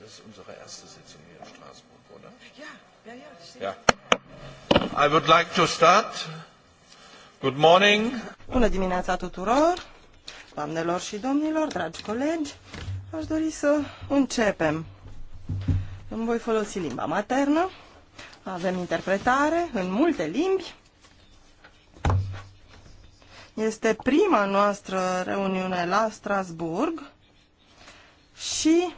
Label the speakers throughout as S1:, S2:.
S1: Das ist unsere erste Sitzung hier in Straßburg, oder? Ja, ja, ja. Das ja. I would like to start. Good morning.
S2: Bună dimineața tuturor, doamnelor și domnilor, dragi colegi. Aș dori să începem. Îmi voi folosi limba maternă. Avem interpretare în multe limbi. Este prima noastră reuniune la Strasburg și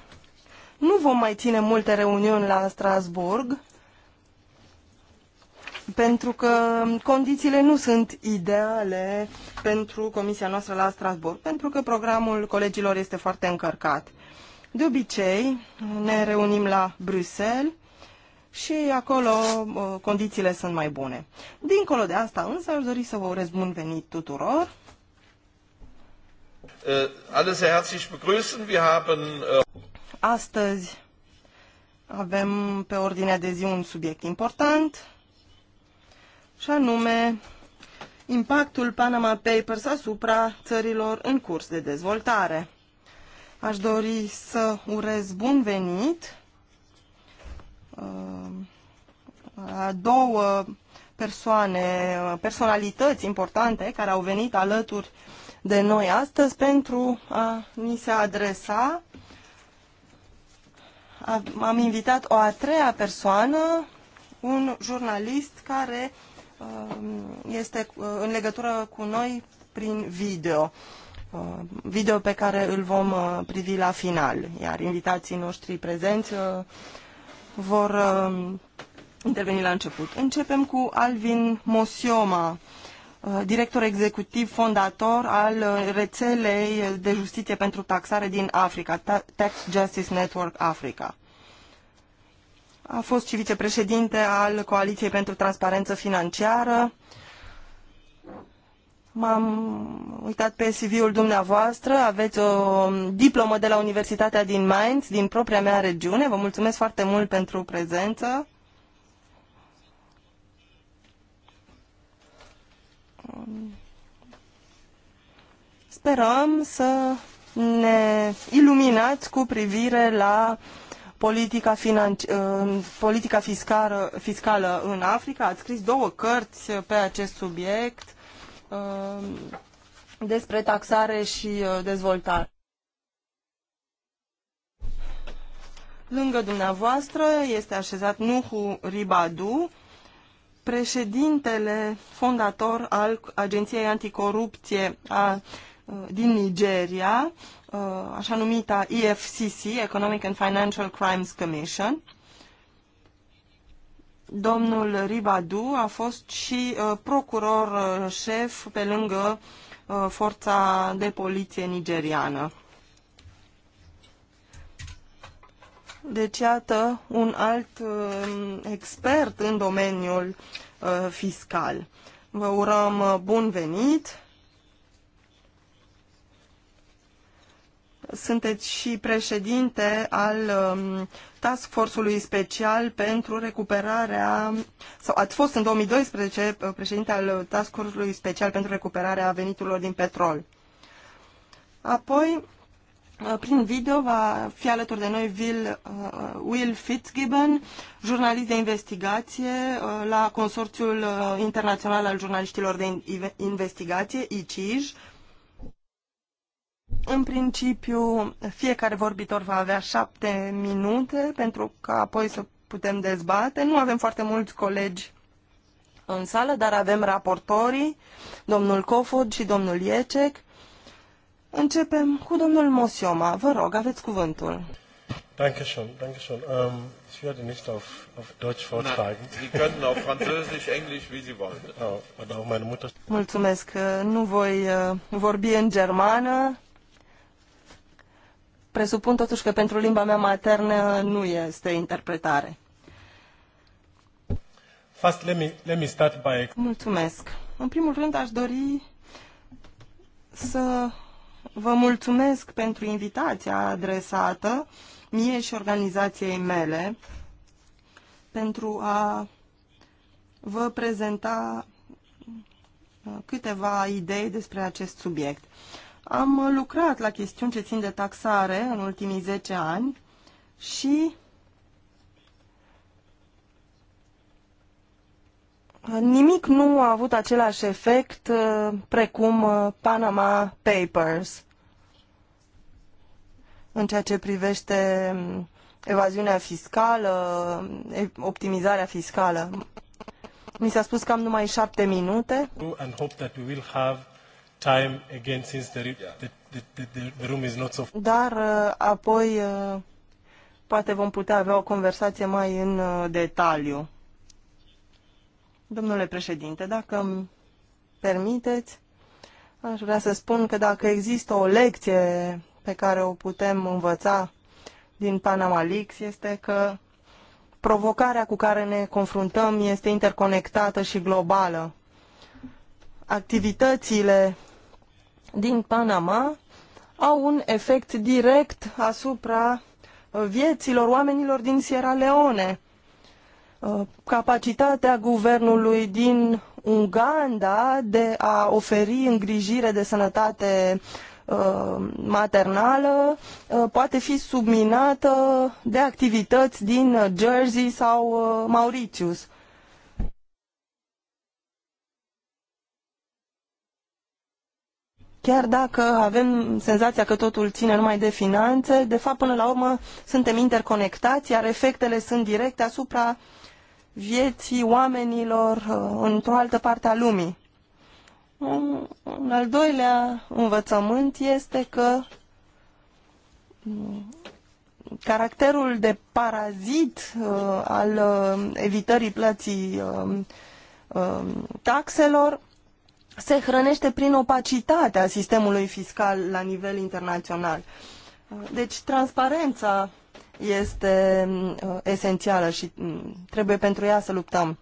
S2: nu vom mai ține multe reuniuni la Strasburg, pentru că condițiile nu sunt ideale pentru comisia noastră la Strasburg, pentru că programul colegilor este foarte încărcat. De obicei, ne reunim la Bruxelles și acolo uh, condițiile sunt mai bune. Dincolo de asta, însă, aș dori să vă urez bun venit tuturor.
S1: Äh, alle sehr herzlich begrüßen. Wir haben äh,
S2: Astăzi avem pe ordinea de zi un subiect important și anume impactul Panama Papers asupra țărilor în curs de dezvoltare. Aș dori să urez bun venit uh, a două persoane, personalități importante care au venit alături de noi astăzi pentru a ni se adresa am invitat o a treia persoană, un jurnalist care um, este uh, în legătură cu noi prin video. Uh, video pe care îl vom uh, privi la final, iar invitații noștri prezenți vor um, interveni la început. Începem cu Alvin Mosioma, Uh, director executiv fondator al uh, rețelei de justiție pentru taxare din Africa, Tax Justice Network Africa. A fost și vicepreședinte al Coaliției pentru Transparență Financiară. M-am uitat pe CV-ul dumneavoastră, aveți o diplomă de la Universitatea din Mainz, din propria mea regiune. Vă mulțumesc foarte mult pentru prezență. sperăm să ne iluminați cu privire la politica, uh, politica fiscală, fiscală în Africa. Ați scris două cărți pe acest subiect uh, despre taxare și uh, dezvoltare. Lângă dumneavoastră este așezat Nuhu Ribadu, președintele fondator al Agenției Anticorupție a, uh, din Nigeria, uh, așa numita EFCC, Economic and Financial Crimes Commission. Domnul Ribadu a fost și uh, procuror șef pe lângă forța de poliție nigeriană. Deci, iată, un alt uh, expert în domeniul uh, fiscal. Vă urăm uh, bun venit! Sunteți și președinte al um, Task Force-ului special pentru recuperarea, sau ați fost în 2012 uh, președinte al Task Force-ului special pentru recuperarea veniturilor din petrol. Apoi, Uh, prin video va fi alături de noi Will, uh, uh, Will Fitzgibbon, jurnalist de investigație uh, la Consorțiul uh, Internațional al Jurnaliștilor de in Investigație, ICIJ. În principiu, fiecare vorbitor va avea șapte minute pentru ca apoi să putem dezbate. Nu avem foarte mulți colegi în sală, dar avem raportorii, domnul Cofod și domnul Iecek Începem cu domnul Mosioma. Vă rog, aveți cuvântul.
S1: Danke schön, Um, ähm, ich werde nicht auf, auf Deutsch vortragen. Na, Sie können auf Französisch, Englisch, wie Sie wollen. Oh, und auch meine Mutter.
S2: Mulțumesc. Äh, nu voi äh, vorbi în germană. Presupun totuși că pentru limba mea maternă nu este interpretare.
S3: First, let me, let me start by...
S2: Mulțumesc. În primul rând aș dori să Vă mulțumesc pentru invitația adresată mie și organizației mele pentru a vă prezenta uh, câteva idei despre acest subiect. Am lucrat la chestiuni ce țin de taxare în ultimii 10 ani și uh, nimic nu a avut același efect uh, precum Panama Papers în ceea ce privește mm, evaziunea fiscală, optimizarea fiscală. Mi s-a spus că am numai șapte minute. Dar uh, apoi uh, poate vom putea avea o conversație mai în uh, detaliu. Domnule președinte, dacă îmi permiteți, aș vrea să spun că dacă există o lecție pe care o putem învăța din Panama Leaks este că provocarea cu care ne confruntăm este interconectată și globală. Activitățile din Panama au un efect direct asupra uh, vieților oamenilor din Sierra Leone. Uh, capacitatea guvernului din Uganda de a oferi îngrijire de sănătate Uh, maternală uh, poate fi subminată de activități din Jersey sau uh, Mauritius. Chiar dacă avem senzația că totul ține numai de finanțe, de fapt, până la urmă, suntem interconectați, iar efectele sunt directe asupra vieții oamenilor într-o altă parte a lumii un, un al doilea învățământ este că mm, caracterul de parazit uh, al uh, evitării plății uh, uh, taxelor se hrănește prin opacitatea sistemului fiscal la nivel internațional. Uh, deci transparența este mm, uh, esențială și uh, trebuie pentru ea să luptăm. Uh,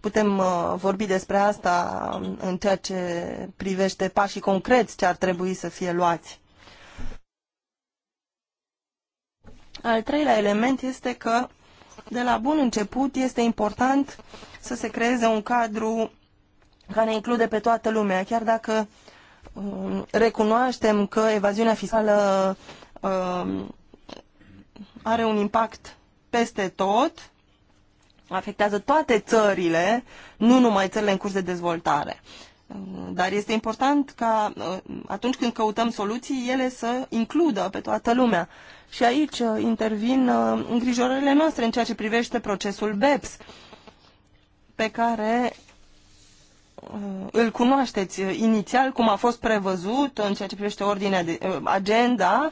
S2: Putem uh, vorbi despre asta în ceea ce privește pașii concreți ce ar trebui să fie luați. Al treilea element este că de la bun început este important să se creeze un cadru care include pe toată lumea, chiar dacă um, recunoaștem că evaziunea fiscală um, are un impact peste tot, afectează toate țările, nu numai țările în curs de dezvoltare. Dar este important ca uh, atunci când căutăm soluții, ele să includă pe toată lumea. Și aici uh, intervin uh, îngrijorările noastre în ceea ce privește procesul BEPS, pe care Uh, îl cunoașteți uh, inițial, cum a fost prevăzut în ceea ce privește ordinea de, uh, agenda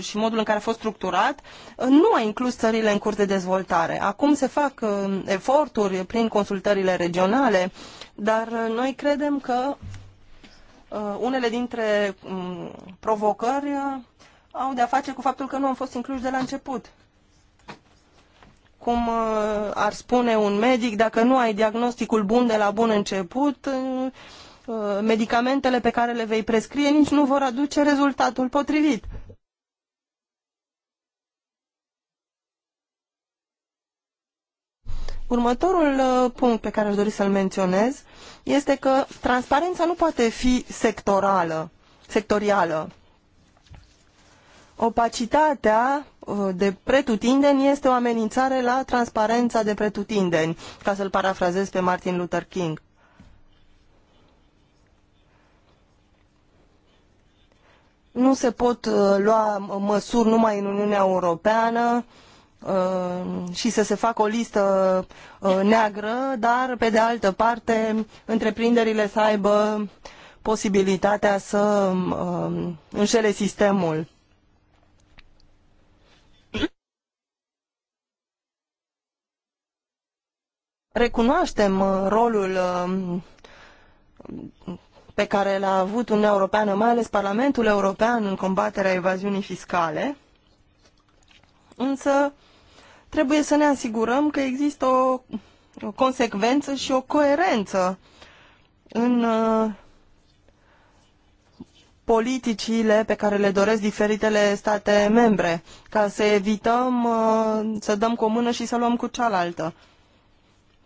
S2: și modul în care a fost structurat, nu a inclus țările în curs de dezvoltare. Acum se fac eforturi prin consultările regionale, dar noi credem că unele dintre mm, provocări au de-a face cu faptul că nu am fost incluși de la început cum uh, ar spune un medic, dacă nu ai diagnosticul bun de la bun început, uh, uh, medicamentele pe care le vei prescrie nici nu vor aduce rezultatul potrivit. Următorul punct pe care aș dori să-l menționez este că transparența nu poate fi sectorală, sectorială. Opacitatea Uh, de pretutindeni este o amenințare la transparența de pretutindeni, ca să-l parafrazez pe Martin Luther King. Nu se pot uh, lua măsuri numai în Uniunea Europeană uh, și să se facă o listă neagră, dar, pe de altă parte, întreprinderile să aibă posibilitatea să înșele sistemul recunoaștem uh, rolul uh, pe care l-a avut Uniunea Europeană, mai ales Parlamentul European în combaterea evaziunii fiscale, însă trebuie să ne asigurăm că există o, o consecvență și o coerență în uh, politicile pe care le doresc diferitele state membre, ca să evităm să dăm cu o mână și să luăm cu cealaltă.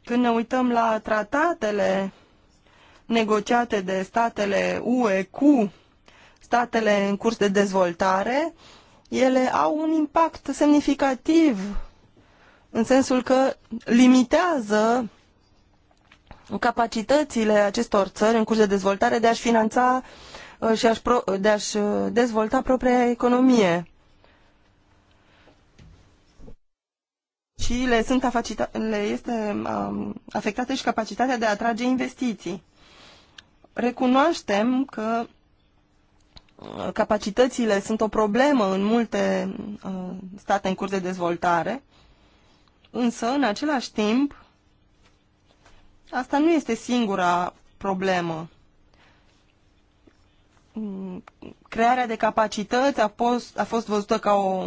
S2: Când ne uităm la tratatele negociate de statele UE cu statele în curs de dezvoltare, ele au un impact semnificativ în sensul că limitează capacitățile acestor țări în curs de dezvoltare de a-și finanța uh, și de a-și uh, dezvolta propria economie. ci le, sunt le este um, afectată și capacitatea de a atrage investiții. Recunoaștem că uh, capacitățile sunt o problemă în multe uh, state în curs de dezvoltare, însă, în același timp, asta nu este singura problemă. Mm, crearea de capacități a, fost a fost văzută ca o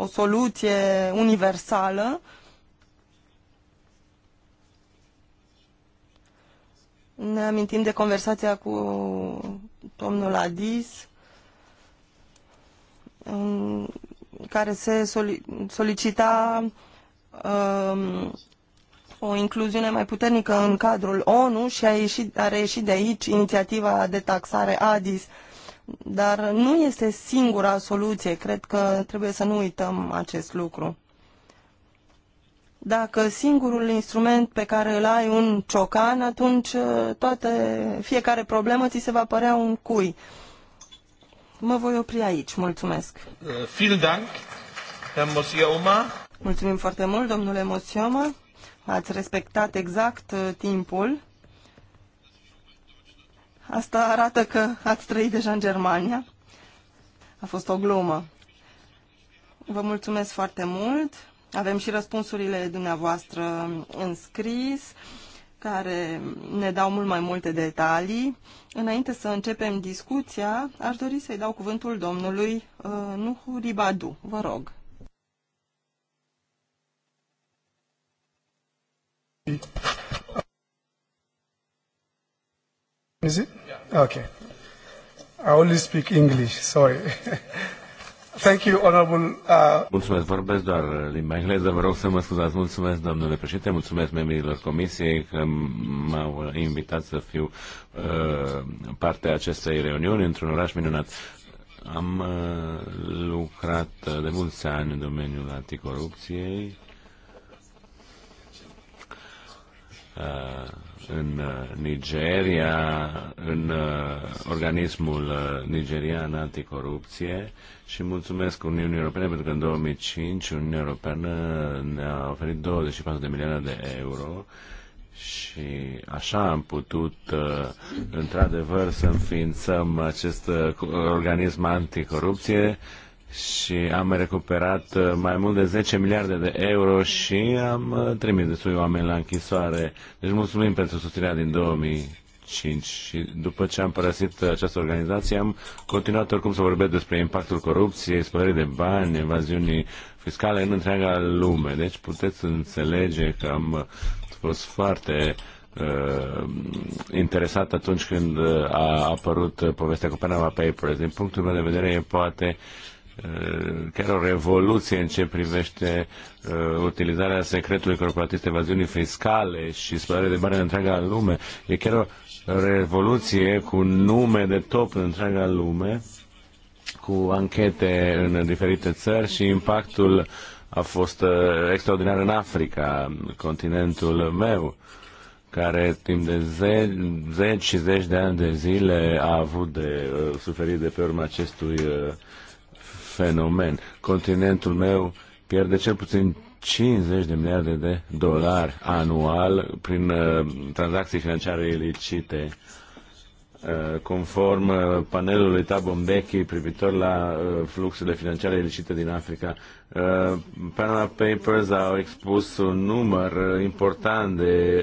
S2: o soluție universală. Ne amintim de conversația cu domnul Adis, în care se solicita um, o incluziune mai puternică în cadrul ONU și a, ieșit, a reieșit de aici inițiativa de taxare ADIS. Uh, dar nu este singura soluție. Cred că trebuie să nu uităm acest lucru. Dacă singurul instrument pe care îl ai un ciocan, atunci uh, toate, fiecare problemă ți se va părea un cui. Mă voi opri aici. Mulțumesc.
S1: Uh, vielen Dank,
S2: Mulțumim foarte mult, domnule Mosioma. Ați respectat exact uh, timpul. Asta arată că ați trăit deja în Germania. A fost o glumă. Vă mulțumesc foarte mult. Avem și răspunsurile dumneavoastră în scris, care ne dau mult mai multe detalii. Înainte să începem discuția, aș dori să-i dau cuvântul domnului uh, Nuhu Ribadu. Vă rog.
S1: Thank you. Is it? Okay. I only speak English, sorry.
S3: Thank you, honorable, uh... Mulțumesc, vorbesc doar limba engleză, vă rog să mă scuzați. Mulțumesc, domnule președinte, mulțumesc membrilor comisiei că m-au invitat să fiu uh, parte a acestei reuniuni într-un oraș minunat. Am uh, lucrat uh, de mulți ani în domeniul anticorupției Uh, în uh, Nigeria, în uh, organismul nigerian anticorupție și mulțumesc Uniunii Europene pentru că în 2005 Uniunea Europeană ne-a oferit 24 de milioane de euro și așa am putut într-adevăr să înființăm acest organism anticorupție și am recuperat uh, mai mult de 10 miliarde de euro și am uh, trimis destui oameni la închisoare. Deci mulțumim pentru susținerea din 2005 și după ce am părăsit această organizație am continuat oricum să vorbesc despre impactul corupției, spălării de bani, evaziunii fiscale în întreaga lume. Deci puteți înțelege că am uh, fost foarte uh, interesat atunci când a apărut povestea cu Panama Papers. Din punctul meu de vedere, poate uh, Eh, chiar o revoluție în ce privește eh, utilizarea secretului corporatist, evaziunii fiscale și spălare de bani în întreaga lume. E chiar o revoluție cu nume de top în întreaga lume, cu anchete în diferite țări și impactul a fost eh, extraordinar în Africa, continentul meu care timp de zeci, zeci și zeci de ani de zile a avut de uh, suferit de pe urma acestui uh, fenomen. Continentul meu pierde cel puțin 50 de miliarde de dolari anual prin uh, tranzacții financiare ilicite uh, conform uh, panelului Tabombechi privitor la uh, fluxurile financiare ilicite din Africa. Panama Papers au expus un număr important de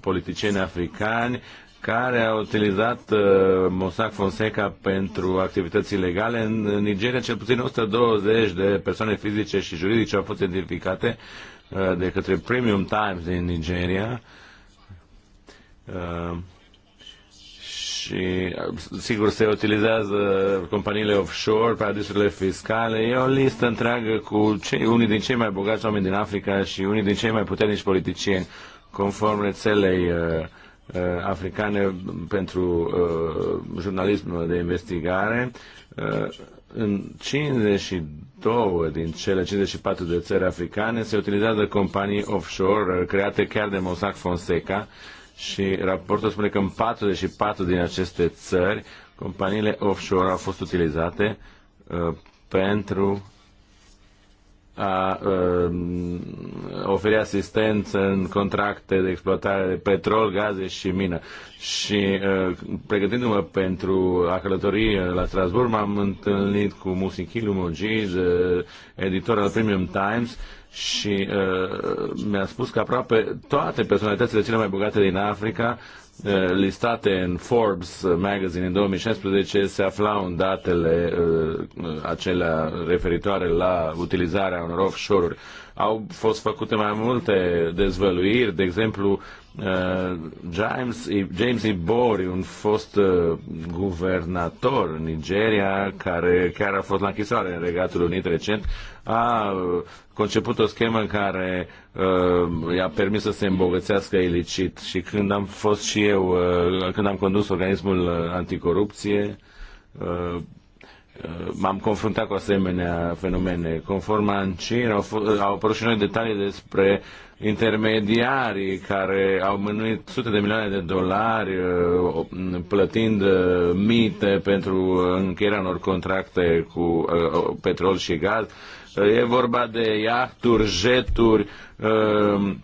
S3: politicieni africani care a utilizat uh, Mossack Fonseca pentru activități ilegale. În, în Nigeria, cel puțin 120 de persoane fizice și juridice au fost identificate uh, de către Premium Times din Nigeria. Uh, și uh, sigur se utilizează companiile offshore, paradisurile fiscale. E o listă întreagă cu cei, unii din cei mai bogați oameni din Africa și unii din cei mai puternici politicieni, conform rețelei uh, Uh, africane pentru uh, jurnalism de investigare. Uh, în 52 din cele 54 de țări africane se utilizează companii offshore create chiar de Mossack Fonseca și raportul spune că în 44 din aceste țări companiile offshore au fost utilizate pentru a oferi asistență în contracte de exploatare de petrol, gaze și mină. Și pregătindu-mă pentru a călători la Strasburg, m-am întâlnit cu Musichilu Mogiz, editor al Premium Times, și uh, mi-a spus că aproape toate personalitățile cele mai bogate din Africa Eh, listate în Forbes eh, Magazine în 2016 se aflau în datele eh, acelea referitoare la utilizarea unor offshore-uri. Au fost făcute mai multe dezvăluiri, de exemplu James, James Ibori, un fost guvernator în Nigeria, care chiar a fost la închisoare în Regatul Unit recent, a conceput o schemă în care uh, i-a permis să se îmbogățească ilicit și când am fost și eu, uh, când am condus organismul uh, anticorupție, uh, uh, m-am confruntat cu asemenea fenomene. Conform ANCIN, au, au apărut și noi detalii despre intermediarii care au mânuit sute de milioane de dolari uh, plătind mite pentru încheierea unor contracte cu petrol și gaz E vorba de iahturi, jeturi, um,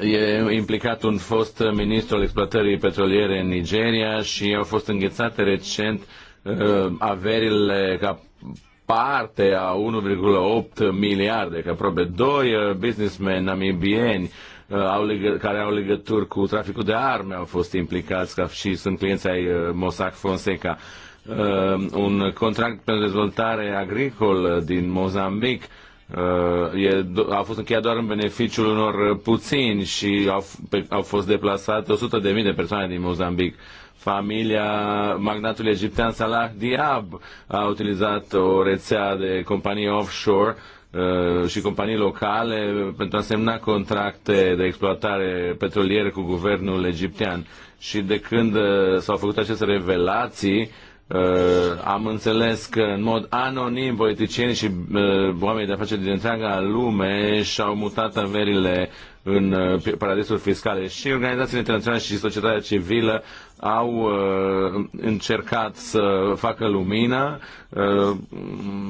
S3: e implicat un fost ministru al exploatării petroliere în Nigeria și au fost înghețate recent um, averile ca parte a 1,8 miliarde, că aproape doi uh, businessmen namibieni uh, au care au legături cu traficul de arme au fost implicați ca și sunt clienți ai uh, Mossack Fonseca. Uh, Uh, un contract pentru dezvoltare agricol din Mozambic uh, e, a fost încheiat doar în beneficiul unor puțini și au, pe, au fost deplasate 100.000 de, de persoane din Mozambic. Familia magnatului egiptean Salah Diab a utilizat o rețea de companii offshore uh, și companii locale pentru a semna contracte de exploatare petroliere cu guvernul egiptean. Și de când s-au făcut aceste revelații, uh, Uh, am înțeles că în mod anonim politicienii și uh, oamenii de afaceri din întreaga lume și-au mutat averile în uh, paradisuri fiscale și organizațiile internaționale și societatea civilă au uh, încercat să facă lumină. Uh,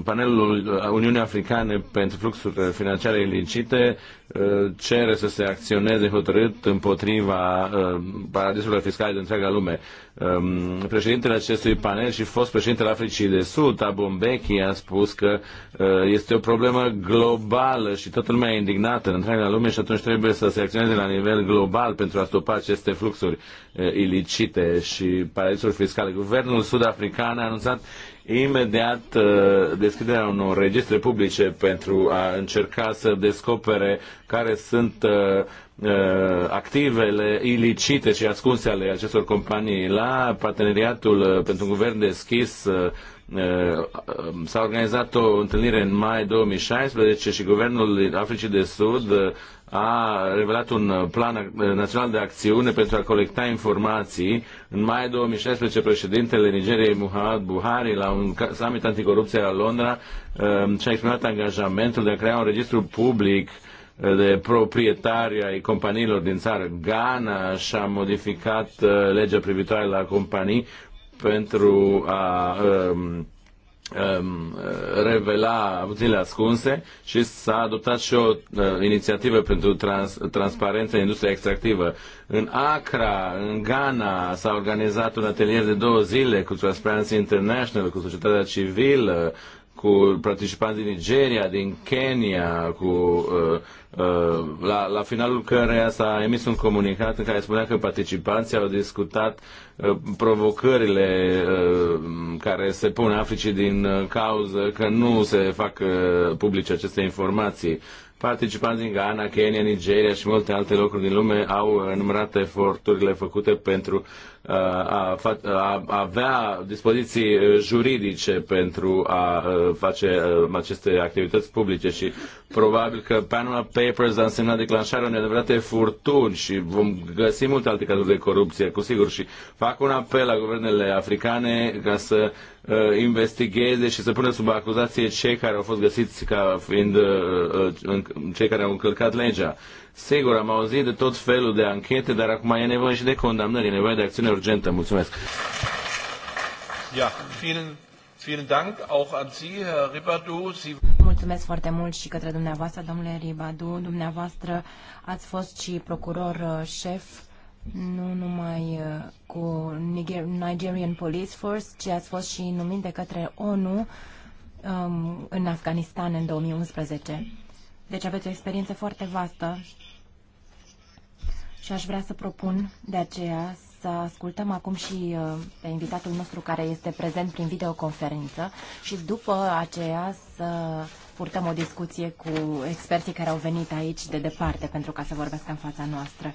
S3: panelul Uniunii Africane pentru fluxuri financiare ilicite Uh, cere să se acționeze hotărât împotriva uh, paradisurilor fiscale din întreaga lume. Um, președintele acestui panel și fost președintele Africii de Sud, Thabo Mbeki, a spus că uh, este o problemă globală și toată lumea e indignată în întreaga lume și atunci trebuie să se acționeze la nivel global pentru a stopa aceste fluxuri ilicite și paradisuri fiscale. Guvernul sud-african a anunțat imediat uh, deschiderea unor registre publice pentru a încerca să descopere care sunt uh, uh, activele ilicite și ascunse ale acestor companii. La parteneriatul pentru un guvern deschis s-a organizat o întâlnire în mai 2016 și guvernul Africii de Sud a revelat un plan național de acțiune pentru a colecta informații. În mai 2016, președintele Nigeriei Muhammad Buhari, la un summit anticorupție la Londra, um, și-a exprimat angajamentul de a crea un registru public uh, de proprietari ai companiilor din țară. Ghana și-a modificat uh, legea privitoare la companii pentru a um, Um, revela avuțiile ascunse și s-a adoptat și o uh, inițiativă pentru trans, transparență în industria extractivă. În Accra, în Ghana, s-a organizat un atelier de două zile cu Transparency International, cu societatea civilă, cu participanți din Nigeria, din Kenya, cu, uh, uh, la, la finalul căreia s-a emis un comunicat în care spunea că participanții au discutat uh, provocările uh, care se pun Africii din uh, cauză că nu se fac uh, publice aceste informații. Participanți din Ghana, Kenya, Nigeria și multe alte locuri din lume au uh, numărat eforturile făcute pentru a, avea dispoziții uh, juridice pentru a uh, face uh, aceste activități publice și probabil că Panama Papers a însemnat declanșarea unei adevărate furtuni și vom găsi multe alte cazuri de corupție, cu sigur, și fac un apel la guvernele africane ca să investigheze și să pună sub acuzație cei care au fost găsiți ca fiind cei care au încălcat legea Sigur, am auzit de tot felul de anchete, dar acum e nevoie și de condamnări, e nevoie de acțiune urgentă. Mulțumesc.
S1: Ja, vielen, vielen Dank auch an Sie, Herr Ribadu. Sie...
S4: Mulțumesc foarte mult și către dumneavoastră, domnule Ribadu. Dumneavoastră ați fost și procuror uh, șef nu numai uh, cu Niger Nigerian Police Force, ci ați fost și numit de către ONU um, în Afganistan în 2011. Deci aveți o experiență foarte vastă și aș vrea să propun de aceea să ascultăm acum și uh, pe invitatul nostru care este prezent prin videoconferință și după aceea să purtăm o discuție cu experții care au venit aici de departe pentru ca să vorbească în fața noastră.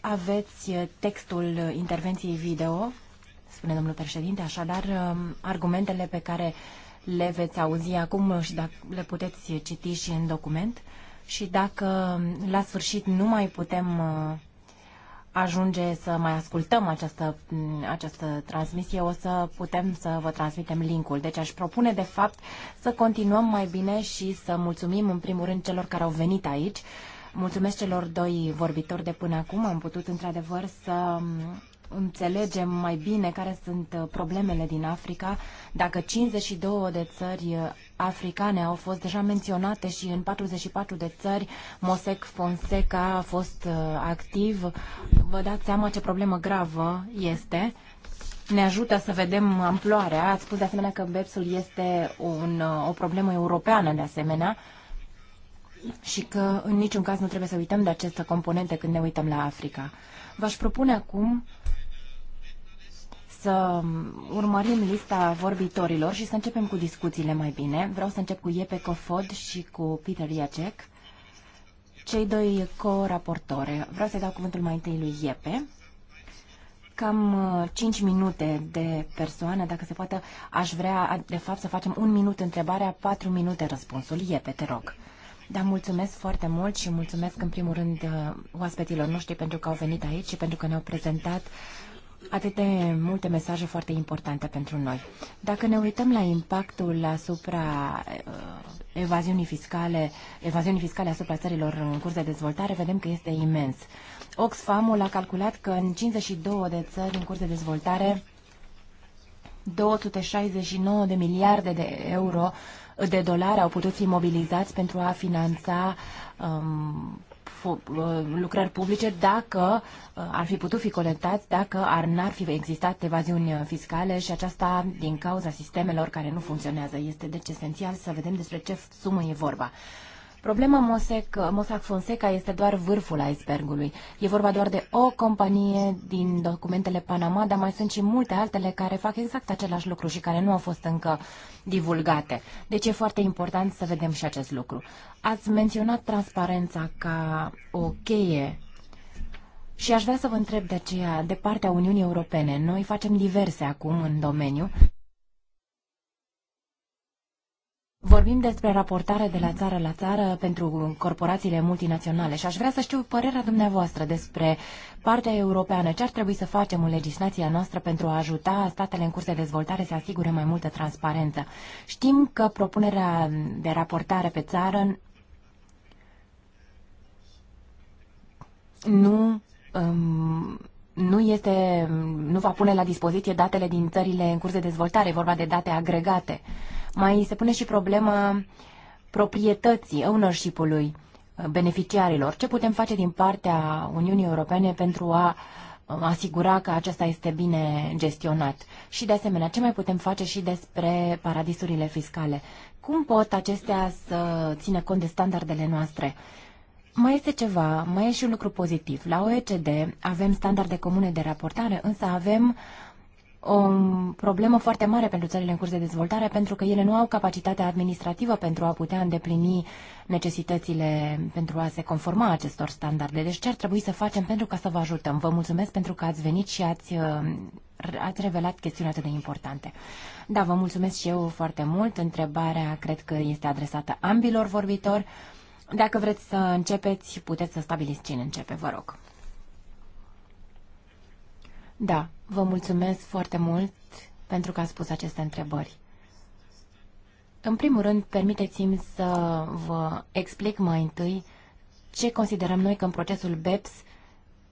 S4: Aveți uh, textul intervenției video, spune domnul președinte, așadar um, argumentele pe care le veți auzi acum și dacă le puteți uh, citi și în document și dacă la sfârșit nu mai putem uh, ajunge să mai ascultăm această, mm, această transmisie, o să putem să vă transmitem linkul. Deci aș propune, de fapt, să continuăm mai bine și să mulțumim, în primul rând, celor care au venit aici. Mulțumesc celor doi vorbitori de până acum. Am putut, într-adevăr, să mm, înțelegem mai bine care sunt uh, problemele din Africa. Dacă 52 de țări uh, africane au fost deja menționate și în 44 de țări Mosec Fonseca a fost uh, activ. Vă dați seama ce problemă gravă este ne ajută să vedem amploarea. Ați spus de asemenea că BEPS-ul este un, uh, o problemă europeană de asemenea și că în niciun caz nu trebuie să uităm de această componentă când ne uităm la Africa. V-aș propune acum să urmărim lista vorbitorilor și să începem cu discuțiile mai bine. Vreau să încep cu Iepe Cofod și cu Peter Iacek, cei doi co raportore Vreau să-i dau cuvântul mai întâi lui Iepe. Cam 5 uh, minute de persoană, dacă se poate, aș vrea, de fapt, să facem un minut întrebarea, 4 minute răspunsul. Iepe, te rog. Da, mulțumesc foarte mult și mulțumesc în primul rând uh, oaspetilor noștri pentru că au venit aici și pentru că ne-au prezentat uh, atât de multe mesaje foarte importante pentru noi. Dacă ne uităm la impactul asupra uh, evaziunii fiscale, evaziunii fiscale asupra țărilor în curs de dezvoltare, vedem că este imens. Oxfamul a calculat că în 52 de țări în curs de dezvoltare 269 de miliarde de euro de dolari au putut fi mobilizați pentru a finanța um, Uh, lucrări publice dacă uh, ar fi putut fi colectați, dacă ar n-ar fi existat evaziuni uh, fiscale și aceasta din cauza sistemelor care nu funcționează. Este deci esențial să vedem despre ce sumă e vorba. Problema Mosec, Mossack Fonseca este doar vârful icebergului. E vorba doar de o companie din documentele Panama, dar mai sunt și multe altele care fac exact același lucru și care nu au fost încă divulgate. Deci e foarte important să vedem și acest lucru. Ați menționat transparența ca o cheie și aș vrea să vă întreb de aceea, de partea Uniunii Europene, noi facem diverse acum în domeniu Vorbim despre raportare de la țară la țară pentru corporațiile multinaționale și aș vrea să știu părerea dumneavoastră despre partea europeană. Ce ar trebui să facem în legislația noastră pentru a ajuta statele în curs de dezvoltare să asigure mai multă transparență? Știm că propunerea de raportare pe țară nu um, nu, este, nu va pune la dispoziție datele din țările în curs de dezvoltare, vorba de date agregate. Mai se pune și problema proprietății, ownership-ului uh, beneficiarilor. Ce putem face din partea Uniunii Europene pentru a uh, asigura că acesta este bine gestionat? Și de asemenea, ce mai putem face și despre paradisurile fiscale? Cum pot acestea să țină cont de standardele noastre? Mai este ceva, mai e și un lucru pozitiv. La OECD avem standarde comune de raportare, însă avem o problemă foarte mare pentru țările în curs de dezvoltare, pentru că ele nu au capacitatea administrativă pentru a putea îndeplini necesitățile pentru a se conforma acestor standarde. Deci ce ar trebui să facem pentru ca să vă ajutăm? Vă mulțumesc pentru că ați venit și ați, uh, ați revelat chestiuni atât de importante. Da, vă mulțumesc și eu foarte mult. Întrebarea cred că este adresată ambilor vorbitori. Dacă vreți să începeți, puteți să stabiliți cine începe, vă rog. Da, vă mulțumesc foarte mult pentru că ați spus aceste întrebări. În primul rând, permiteți-mi să vă explic mai întâi ce considerăm noi că în procesul BEPS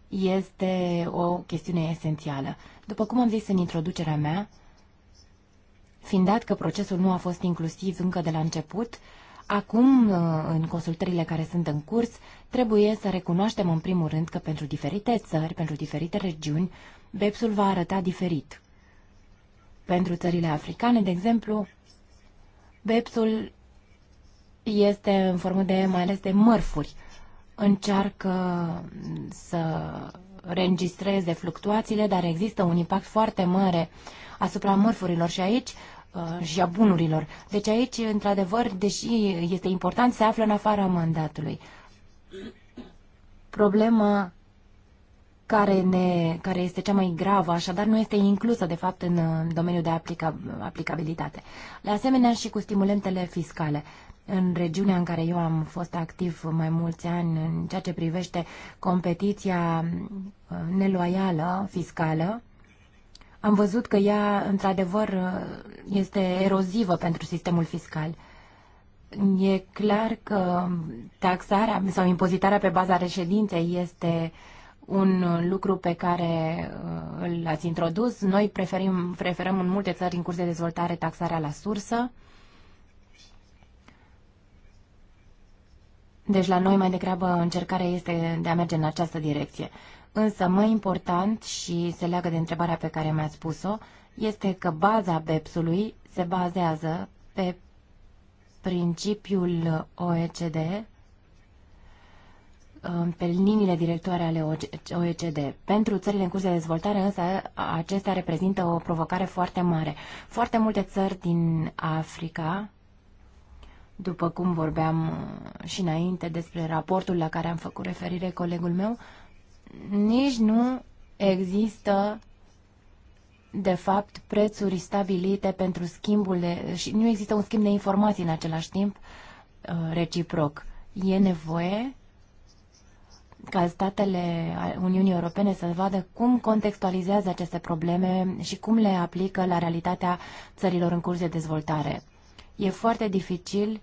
S4: este o chestiune esențială. După cum am zis în introducerea mea, fiind dat că procesul nu a fost inclusiv încă de la început, Acum, uh, în consultările care sunt în curs, trebuie să recunoaștem în primul rând că pentru diferite țări, pentru diferite regiuni, BEPS-ul va arăta diferit. Pentru țările africane, de exemplu, BEPS-ul este în formă de, mai ales de mărfuri. Încearcă să reînregistreze fluctuațiile, dar există un impact foarte mare asupra mărfurilor și aici Uh, și a bunurilor. Deci aici, într-adevăr, deși este important, se află în afara mandatului. Problema care, ne, care este cea mai gravă, așadar nu este inclusă, de fapt, în uh, domeniul de aplica, aplicabilitate. La asemenea și cu stimulentele fiscale. În regiunea în care eu am fost activ mai mulți ani în ceea ce privește competiția uh, neloială fiscală, am văzut că ea, într-adevăr, este erozivă pentru sistemul fiscal. E clar că taxarea sau impozitarea pe baza reședinței este un lucru pe care uh, îl ați introdus. Noi preferim, preferăm în multe țări în curs de dezvoltare taxarea la sursă. Deci la noi mai degrabă încercarea este de a merge în această direcție. Însă, mai important și se leagă de întrebarea pe care mi-ați spus-o, este că baza BEPS-ului se bazează pe principiul OECD, um, pe liniile directoare ale OECD. Pentru țările în curs de dezvoltare, însă, acestea reprezintă o provocare foarte mare. Foarte multe țări din Africa, după cum vorbeam și înainte despre raportul la care am făcut referire colegul meu, nici nu există de fapt prețuri stabilite pentru schimbul de, și nu există un schimb de informații în același timp uh, reciproc. E nevoie ca statele Uniunii Europene să vadă cum contextualizează aceste probleme și cum le aplică la realitatea țărilor în curs de dezvoltare. E foarte dificil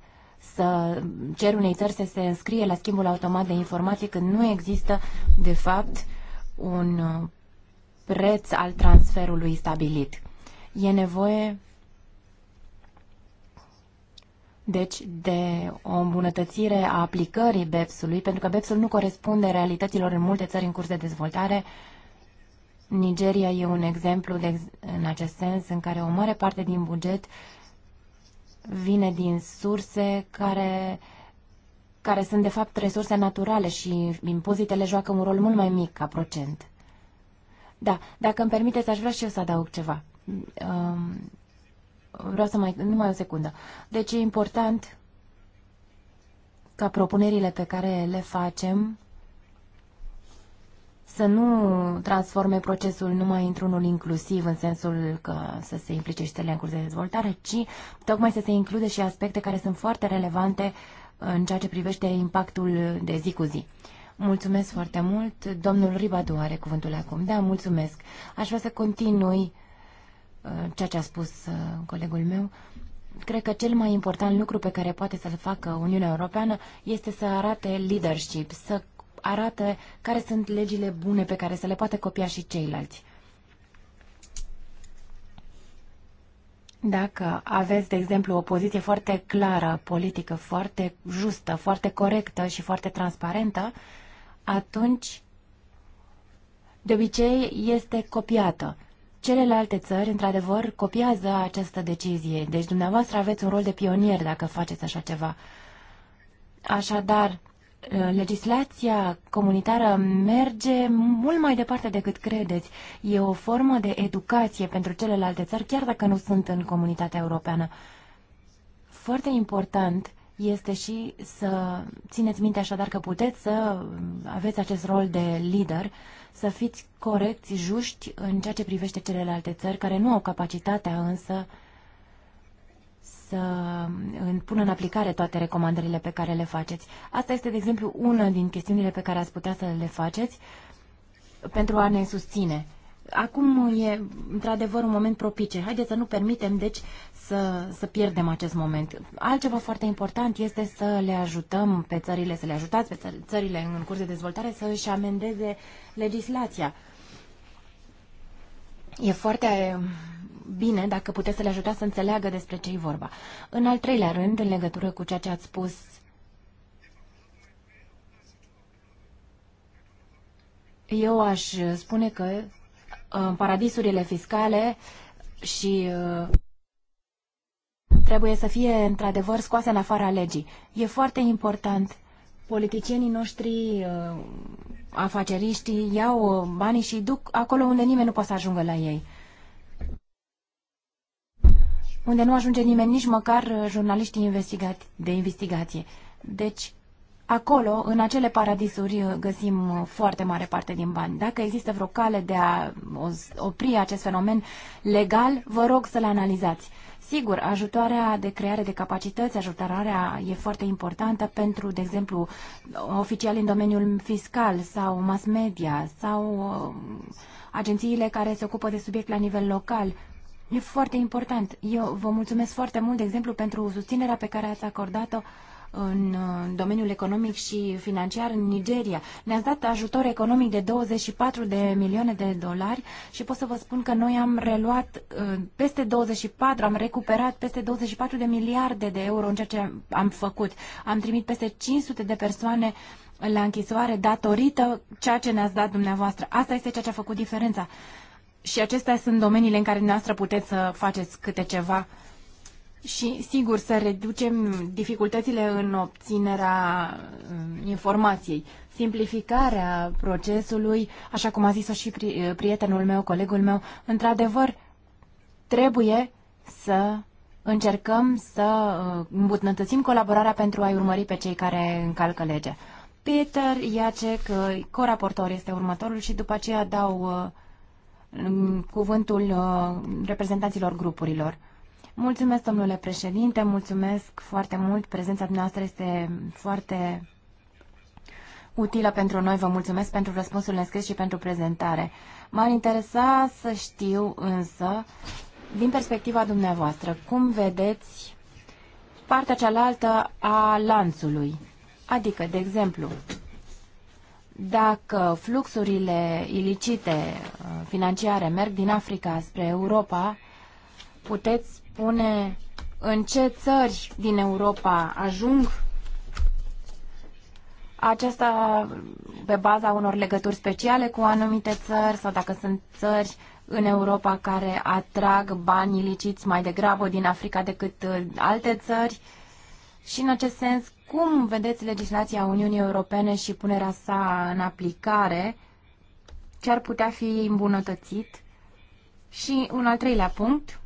S4: să cer unei țări să se înscrie la schimbul automat de informații când nu există, de fapt, un uh, preț al transferului stabilit. E nevoie, deci, de o îmbunătățire a aplicării BEPS-ului, pentru că BEPS-ul nu corespunde realităților în multe țări în curs de dezvoltare. Nigeria e un exemplu de, în acest sens în care o mare parte din buget uh, vine din surse care, care sunt de fapt resurse naturale și impozitele joacă un rol mult mai mic ca procent. Da, dacă îmi permiteți, aș vrea și eu să adaug ceva. Um, vreau să mai... numai o secundă. Deci e important ca propunerile pe care le facem să nu transforme procesul numai într-unul inclusiv, în sensul că să se implice și în curs de dezvoltare, ci tocmai să se include și aspecte care sunt foarte relevante uh, în ceea ce privește impactul de zi cu zi. Mulțumesc foarte mult. Domnul Ribadu are cuvântul acum. Da, mulțumesc. Aș vrea să continui uh, ceea ce a spus uh, colegul meu. Cred că cel mai important lucru pe care poate să-l facă Uniunea Europeană este să arate leadership, să arate care sunt legile bune pe care să le poate copia și ceilalți. Dacă aveți, de exemplu, o poziție foarte clară, politică, foarte justă, foarte corectă și foarte transparentă, atunci, de obicei, este copiată. Celelalte țări, într-adevăr, copiază această decizie. Deci, dumneavoastră aveți un rol de pionier dacă faceți așa ceva. Așadar, Eh, legislația comunitară merge mult mai departe decât credeți. E o formă de educație pentru celelalte țări, chiar dacă nu sunt în comunitatea europeană. Foarte important este și să țineți minte așadar că puteți să aveți acest rol de lider, să fiți corecți, juști în ceea ce privește celelalte țări care nu au capacitatea însă să pună în aplicare toate recomandările pe care le faceți. Asta este, de exemplu, una din chestiunile pe care ați putea să le faceți pentru a ne susține. Acum e, într-adevăr, un moment propice. Haideți să nu permitem, deci, să, să pierdem acest moment. Altceva foarte important este să le ajutăm pe țările, să le ajutați pe țările în curs de dezvoltare să își amendeze legislația. E foarte bine dacă puteți să le ajutați să înțeleagă despre ce e vorba. În al treilea rând, în legătură cu ceea ce ați spus Eu aș spune că în uh, paradisurile fiscale și uh, trebuie să fie într-adevăr scoase în afara legii. E foarte important. Politicienii noștri, uh, afaceriștii, iau banii și duc acolo unde nimeni nu poate să ajungă la ei unde nu ajunge nimeni nici măcar uh, jurnaliștii de investigație. Deci, acolo, în acele paradisuri, uh, găsim uh, foarte mare parte din bani. Dacă există vreo cale de a opri acest fenomen legal, vă rog să-l analizați. Sigur, ajutoarea de creare de capacități, ajutorarea e foarte importantă pentru, de exemplu, oficiali în domeniul fiscal sau mass media sau agențiile care se ocupă de subiect la nivel local. E foarte important. Eu vă mulțumesc foarte mult, de exemplu, pentru susținerea pe care ați acordat-o în uh, domeniul economic și financiar în Nigeria. Ne-ați dat ajutor economic de 24 de milioane de dolari și pot să vă spun că noi am reluat uh, peste 24, am recuperat peste 24 de miliarde de euro în ceea ce am făcut. Am trimit peste 500 de persoane la închisoare datorită ceea ce ne-ați dat dumneavoastră. Asta este ceea ce a făcut diferența și acestea sunt domeniile în care noastră puteți să faceți câte ceva și, sigur, să reducem dificultățile în obținerea um, informației. Simplificarea procesului, așa cum a zis-o și uh, prietenul meu, colegul meu, într-adevăr, trebuie să încercăm să uh, îmbunătățim colaborarea pentru a-i urmări pe cei care încalcă legea. Peter Iacek, uh, coraportor, este următorul și după aceea dau uh, cuvântul uh, reprezentanților grupurilor. Mulțumesc, domnule președinte, mulțumesc foarte mult. Prezența dumneavoastră este foarte utilă pentru noi. Vă mulțumesc pentru răspunsul înscris și pentru prezentare. M-ar interesa să știu însă, din perspectiva dumneavoastră, cum vedeți partea cealaltă a lanțului. Adică, de exemplu, dacă fluxurile ilicite uh, financiare merg din Africa spre Europa, puteți spune în ce țări din Europa ajung aceasta pe baza unor legături speciale cu anumite țări sau dacă sunt țări în Europa care atrag bani iliciți mai degrabă din Africa decât uh, alte țări și în acest sens, cum vedeți legislația Uniunii Europene și punerea sa în aplicare? Ce ar putea fi îmbunătățit? Și un al treilea punct,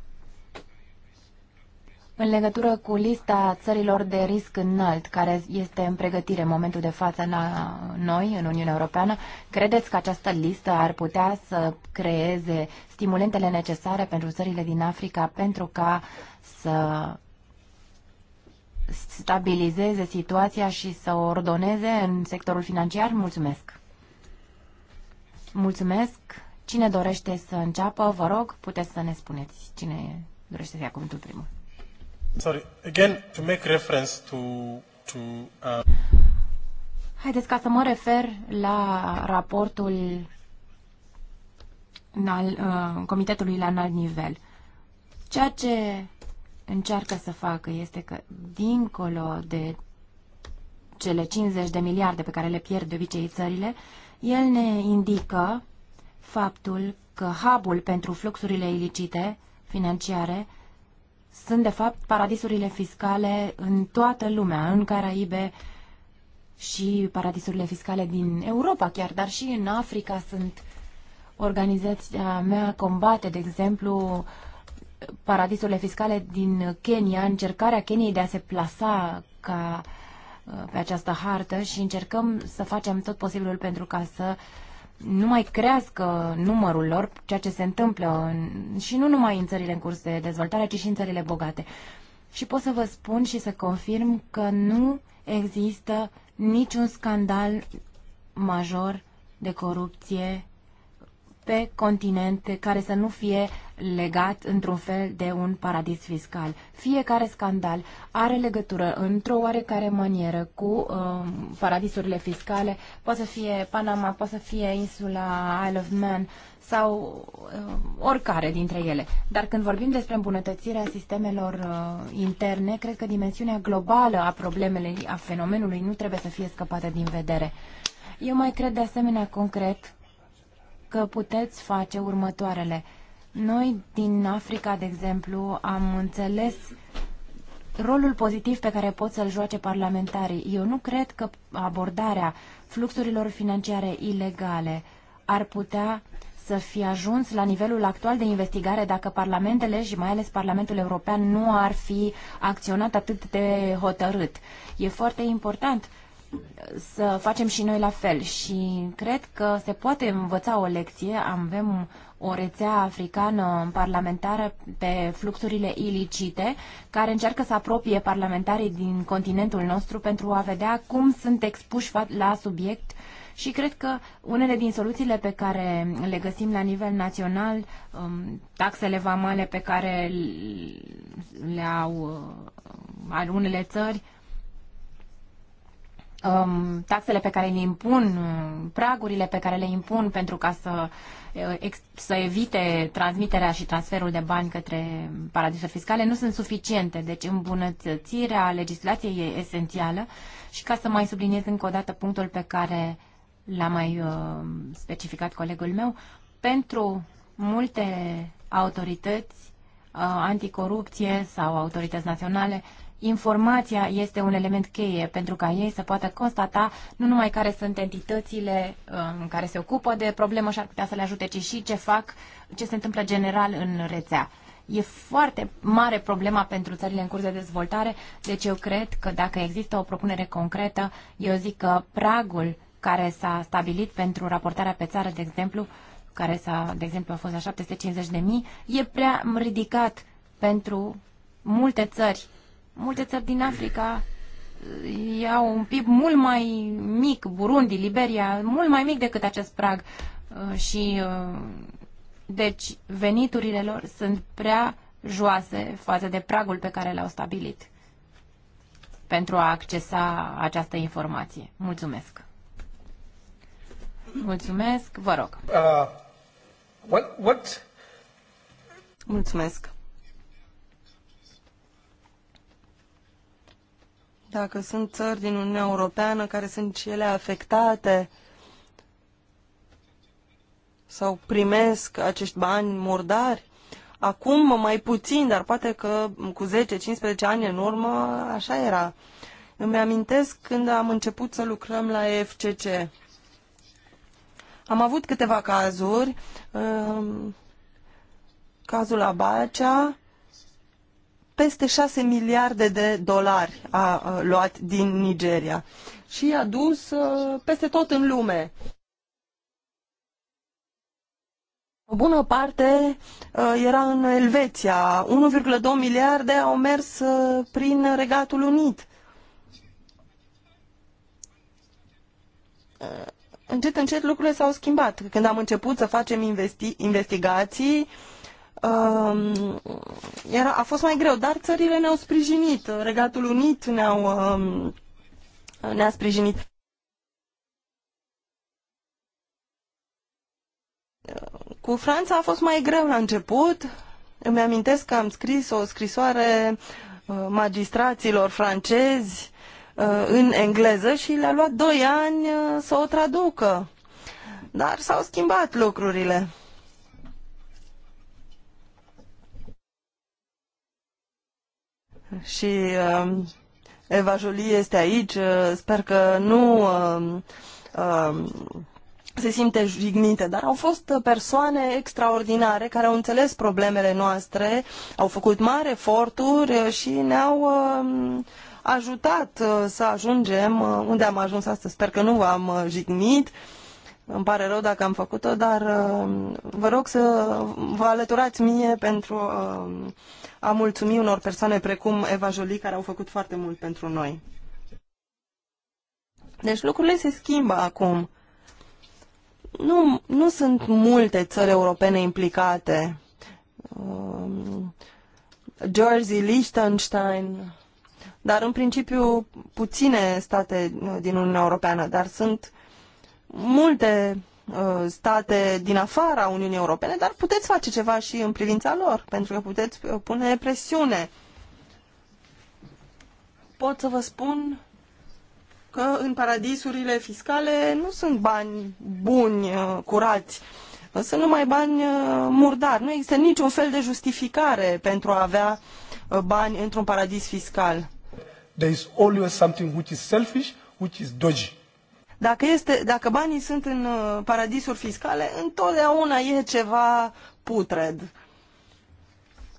S4: în legătură cu lista țărilor de risc înalt, care este în pregătire în momentul de față la noi, în Uniunea Europeană, credeți că această listă ar putea să creeze stimulentele necesare pentru țările din Africa pentru ca să stabilizeze situația și să o ordoneze în sectorul financiar? Mulțumesc! Mulțumesc! Cine dorește să înceapă, vă rog, puteți să ne spuneți cine dorește să ia cuvântul primul.
S1: Sorry, again, to make reference to, to uh...
S4: Haideți ca să mă refer la raportul al, uh, comitetului la înalt nivel. Ceea ce încearcă să facă este că, dincolo de cele 50 de miliarde pe care le pierd de obicei țările, el ne indică faptul că hubul pentru fluxurile ilicite financiare sunt, de fapt, paradisurile fiscale în toată lumea, în Caraibe și paradisurile fiscale din Europa chiar, dar și în Africa sunt organizația mea combate, de exemplu, uh, paradisurile fiscale din Kenya, încercarea Keniei de a se plasa ca uh, pe această hartă și încercăm să facem tot posibilul pentru ca să nu mai crească numărul lor, ceea ce se întâmplă în, și nu numai în țările în curs de dezvoltare, ci și în țările bogate. Și pot să vă spun și să confirm că nu există niciun scandal major de corupție pe continent care să nu fie legat într-un fel de un paradis fiscal. Fiecare scandal are legătură într-o oarecare manieră cu uh, paradisurile fiscale. Poate să fie Panama, poate să fie insula Isle of Man sau uh, oricare dintre ele. Dar când vorbim despre îmbunătățirea sistemelor uh, interne, cred că dimensiunea globală a problemelei, a fenomenului nu trebuie să fie scăpată din vedere. Eu mai cred de asemenea concret că puteți face următoarele. Noi din Africa, de exemplu, am înțeles rolul pozitiv pe care pot să-l joace parlamentarii. Eu nu cred că abordarea fluxurilor financiare ilegale ar putea să fi ajuns la nivelul actual de investigare dacă parlamentele și mai ales Parlamentul European nu ar fi acționat atât de hotărât. E foarte important să facem și noi la fel și cred că se poate învăța o lecție. Avem o rețea africană parlamentară pe fluxurile ilicite care încearcă să apropie parlamentarii din continentul nostru pentru a vedea cum sunt expuși la subiect și cred că unele din soluțiile pe care le găsim la nivel național, um, taxele vamale pe care le au uh, unele țări, um, taxele pe care le impun, pragurile pe care le impun pentru ca să, uh, să evite transmiterea și transferul de bani către paradisuri fiscale nu sunt suficiente. Deci îmbunătățirea legislației e esențială și ca să mai subliniez încă o dată punctul pe care l-a mai uh, specificat colegul meu, pentru multe autorități uh, anticorupție sau autorități naționale, informația este un element cheie pentru ca ei să poată constata nu numai care sunt entitățile um, care se ocupă de problemă și ar putea să le ajute, ci și ce fac, ce se întâmplă general în rețea. E foarte mare problema pentru țările în curs de dezvoltare, deci eu cred că dacă există o propunere concretă, eu zic că pragul care s-a stabilit pentru raportarea pe țară, de exemplu, care s-a, de exemplu, a fost la 750.000, de mii, e prea ridicat pentru multe țări Multe țări din Africa uh, iau un PIB mult mai mic, Burundi, Liberia, mult mai mic decât acest prag uh, și uh, deci veniturile lor sunt prea joase față de pragul pe care l-au stabilit pentru a accesa această informație. Mulțumesc! Mulțumesc, vă rog!
S1: Uh, what, what?
S2: Mulțumesc! dacă sunt țări din Uniunea Europeană care sunt și ele afectate sau primesc acești bani murdari. Acum mai puțin, dar poate că cu 10-15 ani în urmă așa era. Îmi amintesc când am început să lucrăm la FCC. Am avut câteva cazuri, um, cazul Abacea, peste 6 miliarde de dolari a luat din Nigeria și a dus peste tot în lume. O bună parte era în Elveția. 1,2 miliarde au mers prin Regatul Unit. Încet, încet lucrurile s-au schimbat. Când am început să facem investi investigații, uh, Um, era, a fost mai greu, dar țările ne-au sprijinit, Regatul Unit ne-au, um, ne-a sprijinit. Cu Franța a fost mai greu la început. Îmi amintesc că am scris o scrisoare uh, magistraților francezi uh, în engleză și le-a luat doi ani uh, să o traducă. Dar s-au schimbat lucrurile. și uh, Eva Jolie este aici, uh, sper că nu uh, uh, se simte jignită, dar au fost persoane extraordinare care au înțeles problemele noastre, au făcut mari eforturi uh, și ne-au uh, ajutat să ajungem uh, unde am ajuns astăzi. Sper că nu v-am uh, jignit. Uh, îmi pare rău dacă am făcut-o, dar uh, vă rog să vă alăturați mie pentru uh, a mulțumi unor persoane precum Eva Jolie, care au făcut foarte mult pentru noi. Deci lucrurile se schimbă acum. Nu, nu sunt multe țări europene implicate. Uh, Jersey, Liechtenstein, dar în principiu puține state din Uniunea Europeană, dar sunt multe uh, state din afara Uniunii Europene, dar puteți face ceva și în privința lor, pentru că puteți uh, pune presiune. Pot să vă spun că în paradisurile fiscale nu sunt bani buni, uh, curați, sunt numai bani murdari. Nu există niciun fel de justificare pentru a avea bani într-un paradis fiscal.
S1: There is always something which is selfish, which is dodgy.
S2: Dacă, este, dacă banii sunt în uh, paradisuri fiscale, întotdeauna e ceva putred.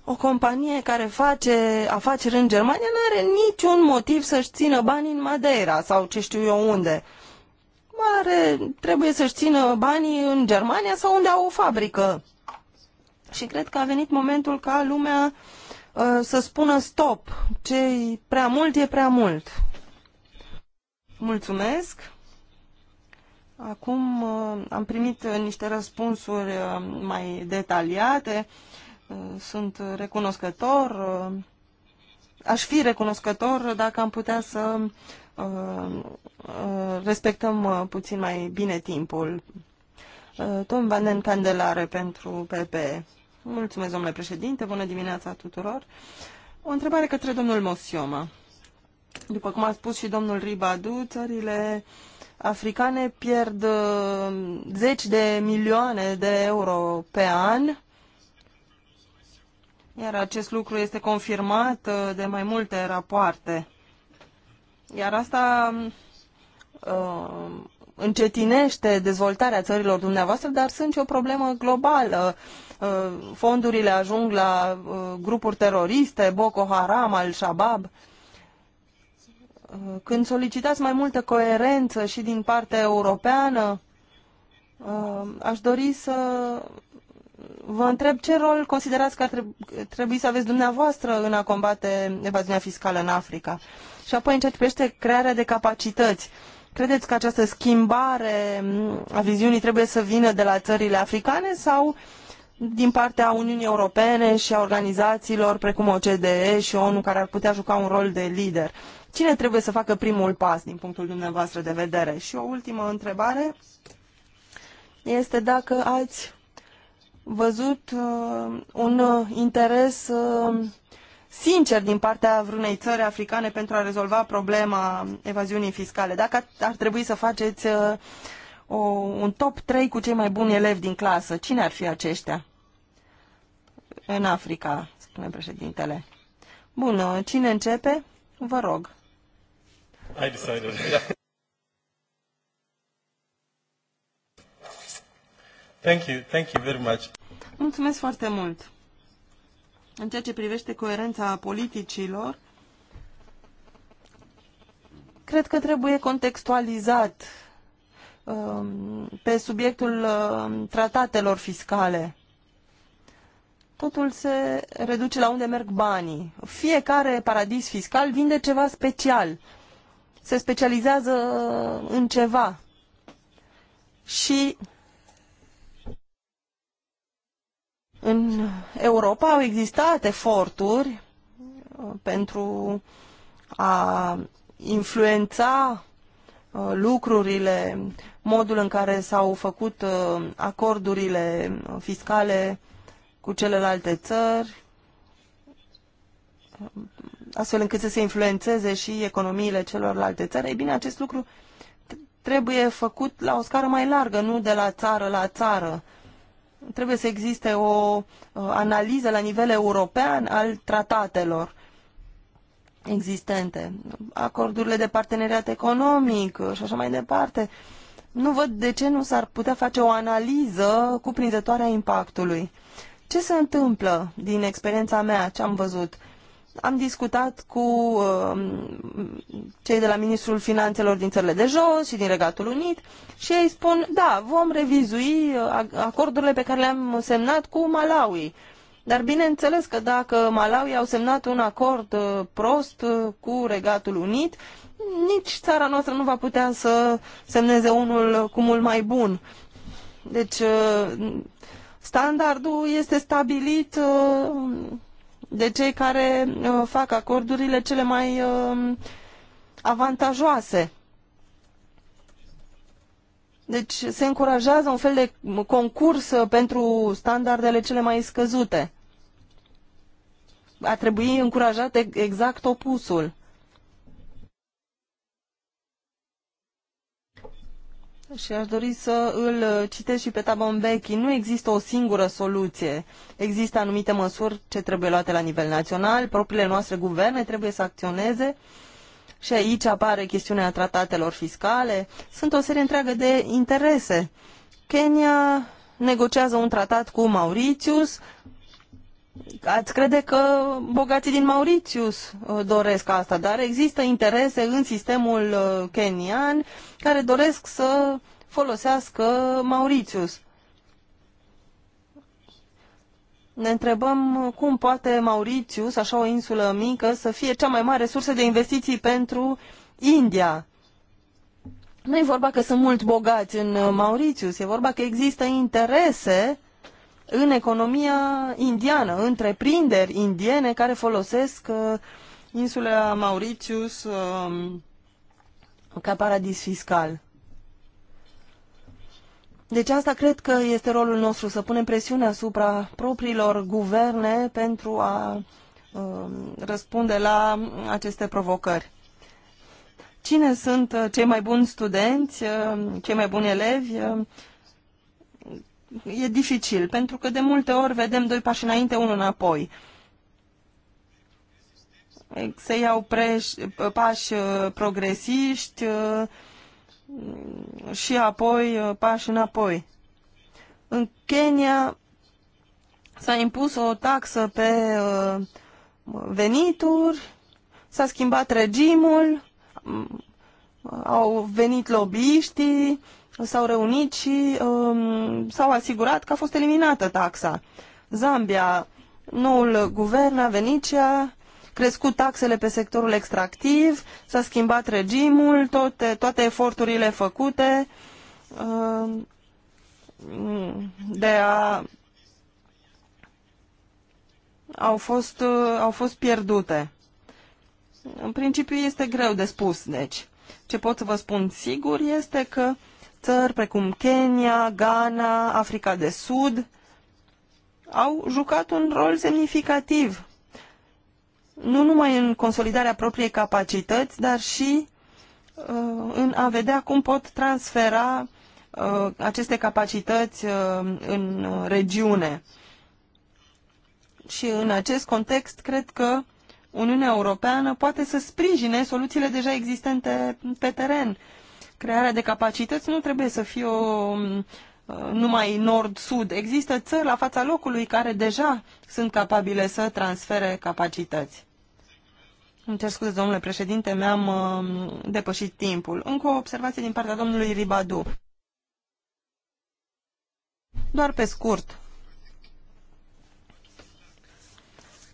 S2: O companie care face afaceri în Germania nu are niciun motiv să-și țină banii în Madeira sau ce știu eu unde. Are, trebuie să-și țină banii în Germania sau unde au o fabrică. Și cred că a venit momentul ca lumea uh, să spună stop. ce prea mult e prea mult. Mulțumesc. Acum uh, am primit uh, niște răspunsuri uh, mai detaliate. Sunt recunoscător. Aș fi recunoscător dacă am putea să respectăm puțin mai bine timpul. Tom Vanden Candelare pentru PP. Mulțumesc, domnule președinte. Bună dimineața tuturor. O întrebare către domnul Mosioma. După cum a spus și domnul Ribadu, țările uh, africane pierd uh, zeci de milioane de euro pe an, iar acest lucru este confirmat uh, de mai multe rapoarte. Iar asta um, uh, încetinește dezvoltarea țărilor dumneavoastră, dar sunt și o problemă globală. Uh, fondurile ajung la uh, grupuri teroriste, Boko Haram, Al-Shabaab. Uh, Uh, când solicitați mai multă coerență și din partea europeană, uh, aș dori să vă întreb ce rol considerați că ar trebui să aveți dumneavoastră în a combate evaziunea fiscală în Africa. Și apoi în ceea ce privește crearea de capacități. Credeți că această schimbare mm, a viziunii trebuie să vină de la țările africane sau din partea Uniunii Europene și a organizațiilor precum OCDE și ONU care ar putea juca un rol de lider? Cine trebuie să facă primul pas din punctul dumneavoastră de vedere? Și o ultimă întrebare este dacă ați văzut uh, un uh, interes uh, sincer din partea vreunei țări africane pentru a rezolva problema evaziunii fiscale. Dacă ar, ar trebui să faceți uh, o, un top 3 cu cei mai buni elevi din clasă, cine ar fi aceștia? În Africa, spune președintele. Bun, uh, cine începe? Vă rog.
S1: I decided. Thank you, thank you very much.
S2: Mulțumesc foarte mult. În ceea ce privește coerența politicilor, cred că trebuie contextualizat um, pe subiectul um, tratatelor fiscale. Totul se reduce la unde merg banii. Fiecare paradis fiscal vinde ceva special se specializează uh, în ceva. Și în Europa au existat eforturi uh, pentru a influența uh, lucrurile, modul în care s-au făcut acordurile fiscale cu celelalte țări, astfel încât să se influențeze și economiile celorlalte țări, e bine, acest lucru trebuie făcut la o scară mai largă, nu de la țară la țară. Trebuie să existe o uh, analiză la nivel european al tratatelor existente, acordurile de parteneriat economic și așa mai departe. Nu văd de ce nu s-ar putea face o analiză cuprinzătoare a impactului. Ce se întâmplă din experiența mea, ce am văzut? Uh, am discutat cu uh, cei de la Ministrul Finanțelor din țările de jos și din Regatul Unit și ei spun, da, vom revizui uh, acordurile pe care le-am semnat cu Malawi. Dar bineînțeles că dacă Malawi au semnat un acord uh, prost uh, cu Regatul Unit, nici țara noastră nu va putea să semneze unul cu mult mai bun. Deci standardul este stabilit de cei care uh, fac acordurile cele mai um, avantajoase. Deci se încurajează un fel de concurs uh, pentru standardele cele mai scăzute. A trebui încurajat exact opusul. Și aș dori să îl uh, citesc și pe Tabon Becky. Nu există o singură soluție. Există anumite măsuri ce trebuie luate la nivel național, propriile noastre guverne trebuie să acționeze și aici apare chestiunea tratatelor fiscale. Sunt o serie întreagă de interese. Kenya negocează un tratat cu Mauritius, ați crede că bogații din Mauritius uh, doresc asta, dar există interese în sistemul uh, kenian care doresc să folosească Mauritius. Ne întrebăm cum poate Mauritius, așa o insulă mică, să fie cea mai mare sursă de investiții pentru India. Nu e vorba că sunt mulți bogați în uh, Mauritius, e vorba că există interese în economia indiană, întreprinderi indiene care folosesc uh, insula Mauritius uh, ca paradis fiscal. Deci asta cred că este rolul nostru, să punem presiune asupra propriilor guverne pentru a uh, răspunde la aceste provocări. Cine sunt uh, cei mai buni studenți, uh, cei mai buni elevi? Uh, e dificil, pentru că de multe ori vedem doi pași înainte, unul înapoi. Se iau preș, pași uh, progresiști uh, și apoi uh, pași înapoi. În Kenya s-a impus o taxă pe venituri, s-a schimbat regimul, au venit lobiștii, s-au reunit și um, s-au asigurat că a fost eliminată taxa. Zambia, noul guvern a venit și a crescut taxele pe sectorul extractiv, s-a schimbat regimul, toate, toate eforturile făcute um, de a au fost, uh, au fost pierdute. În principiu este greu de spus, deci. Ce pot să vă spun sigur este că țări precum Kenya, Ghana, Africa de Sud au jucat un rol semnificativ, nu numai în consolidarea propriei capacități, dar și uh, în a vedea cum pot transfera uh, aceste capacități uh, în regiune. Și în acest context, cred că Uniunea Europeană poate să sprijine soluțiile deja existente pe teren. Uh, Crearea de capacități nu trebuie să fie o, um, uh, numai nord-sud. Există țări la fața locului care deja sunt capabile să transfere capacități. Îmi cer scuze, domnule președinte, mi-am um, depășit timpul. Încă o observație din partea domnului Ribadu. Doar pe scurt.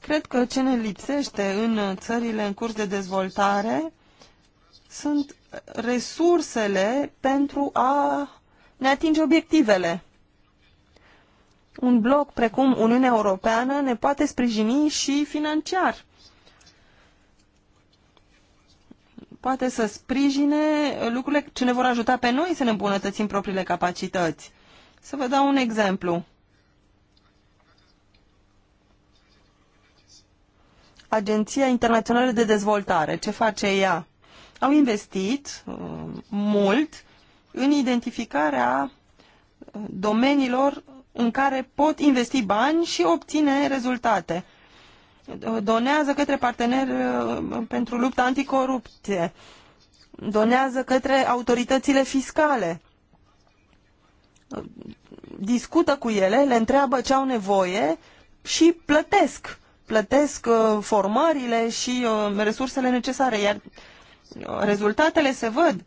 S2: Cred că ce ne lipsește în țările în curs de dezvoltare sunt resursele pentru a ne atinge obiectivele. Un bloc precum Uniunea Europeană ne poate sprijini și financiar. Poate să sprijine lucrurile ce ne vor ajuta pe noi să ne îmbunătățim propriile capacități. Să vă dau un exemplu. Agenția Internațională de Dezvoltare, ce face ea? au investit uh, mult în identificarea uh, domeniilor în care pot investi bani și obține rezultate. Uh, donează către parteneri pentru lupta anticorupție, donează către autoritățile fiscale, discută cu ele, le întreabă ce au nevoie și plătesc. Plătesc formările și resursele necesare, iar rezultatele se văd.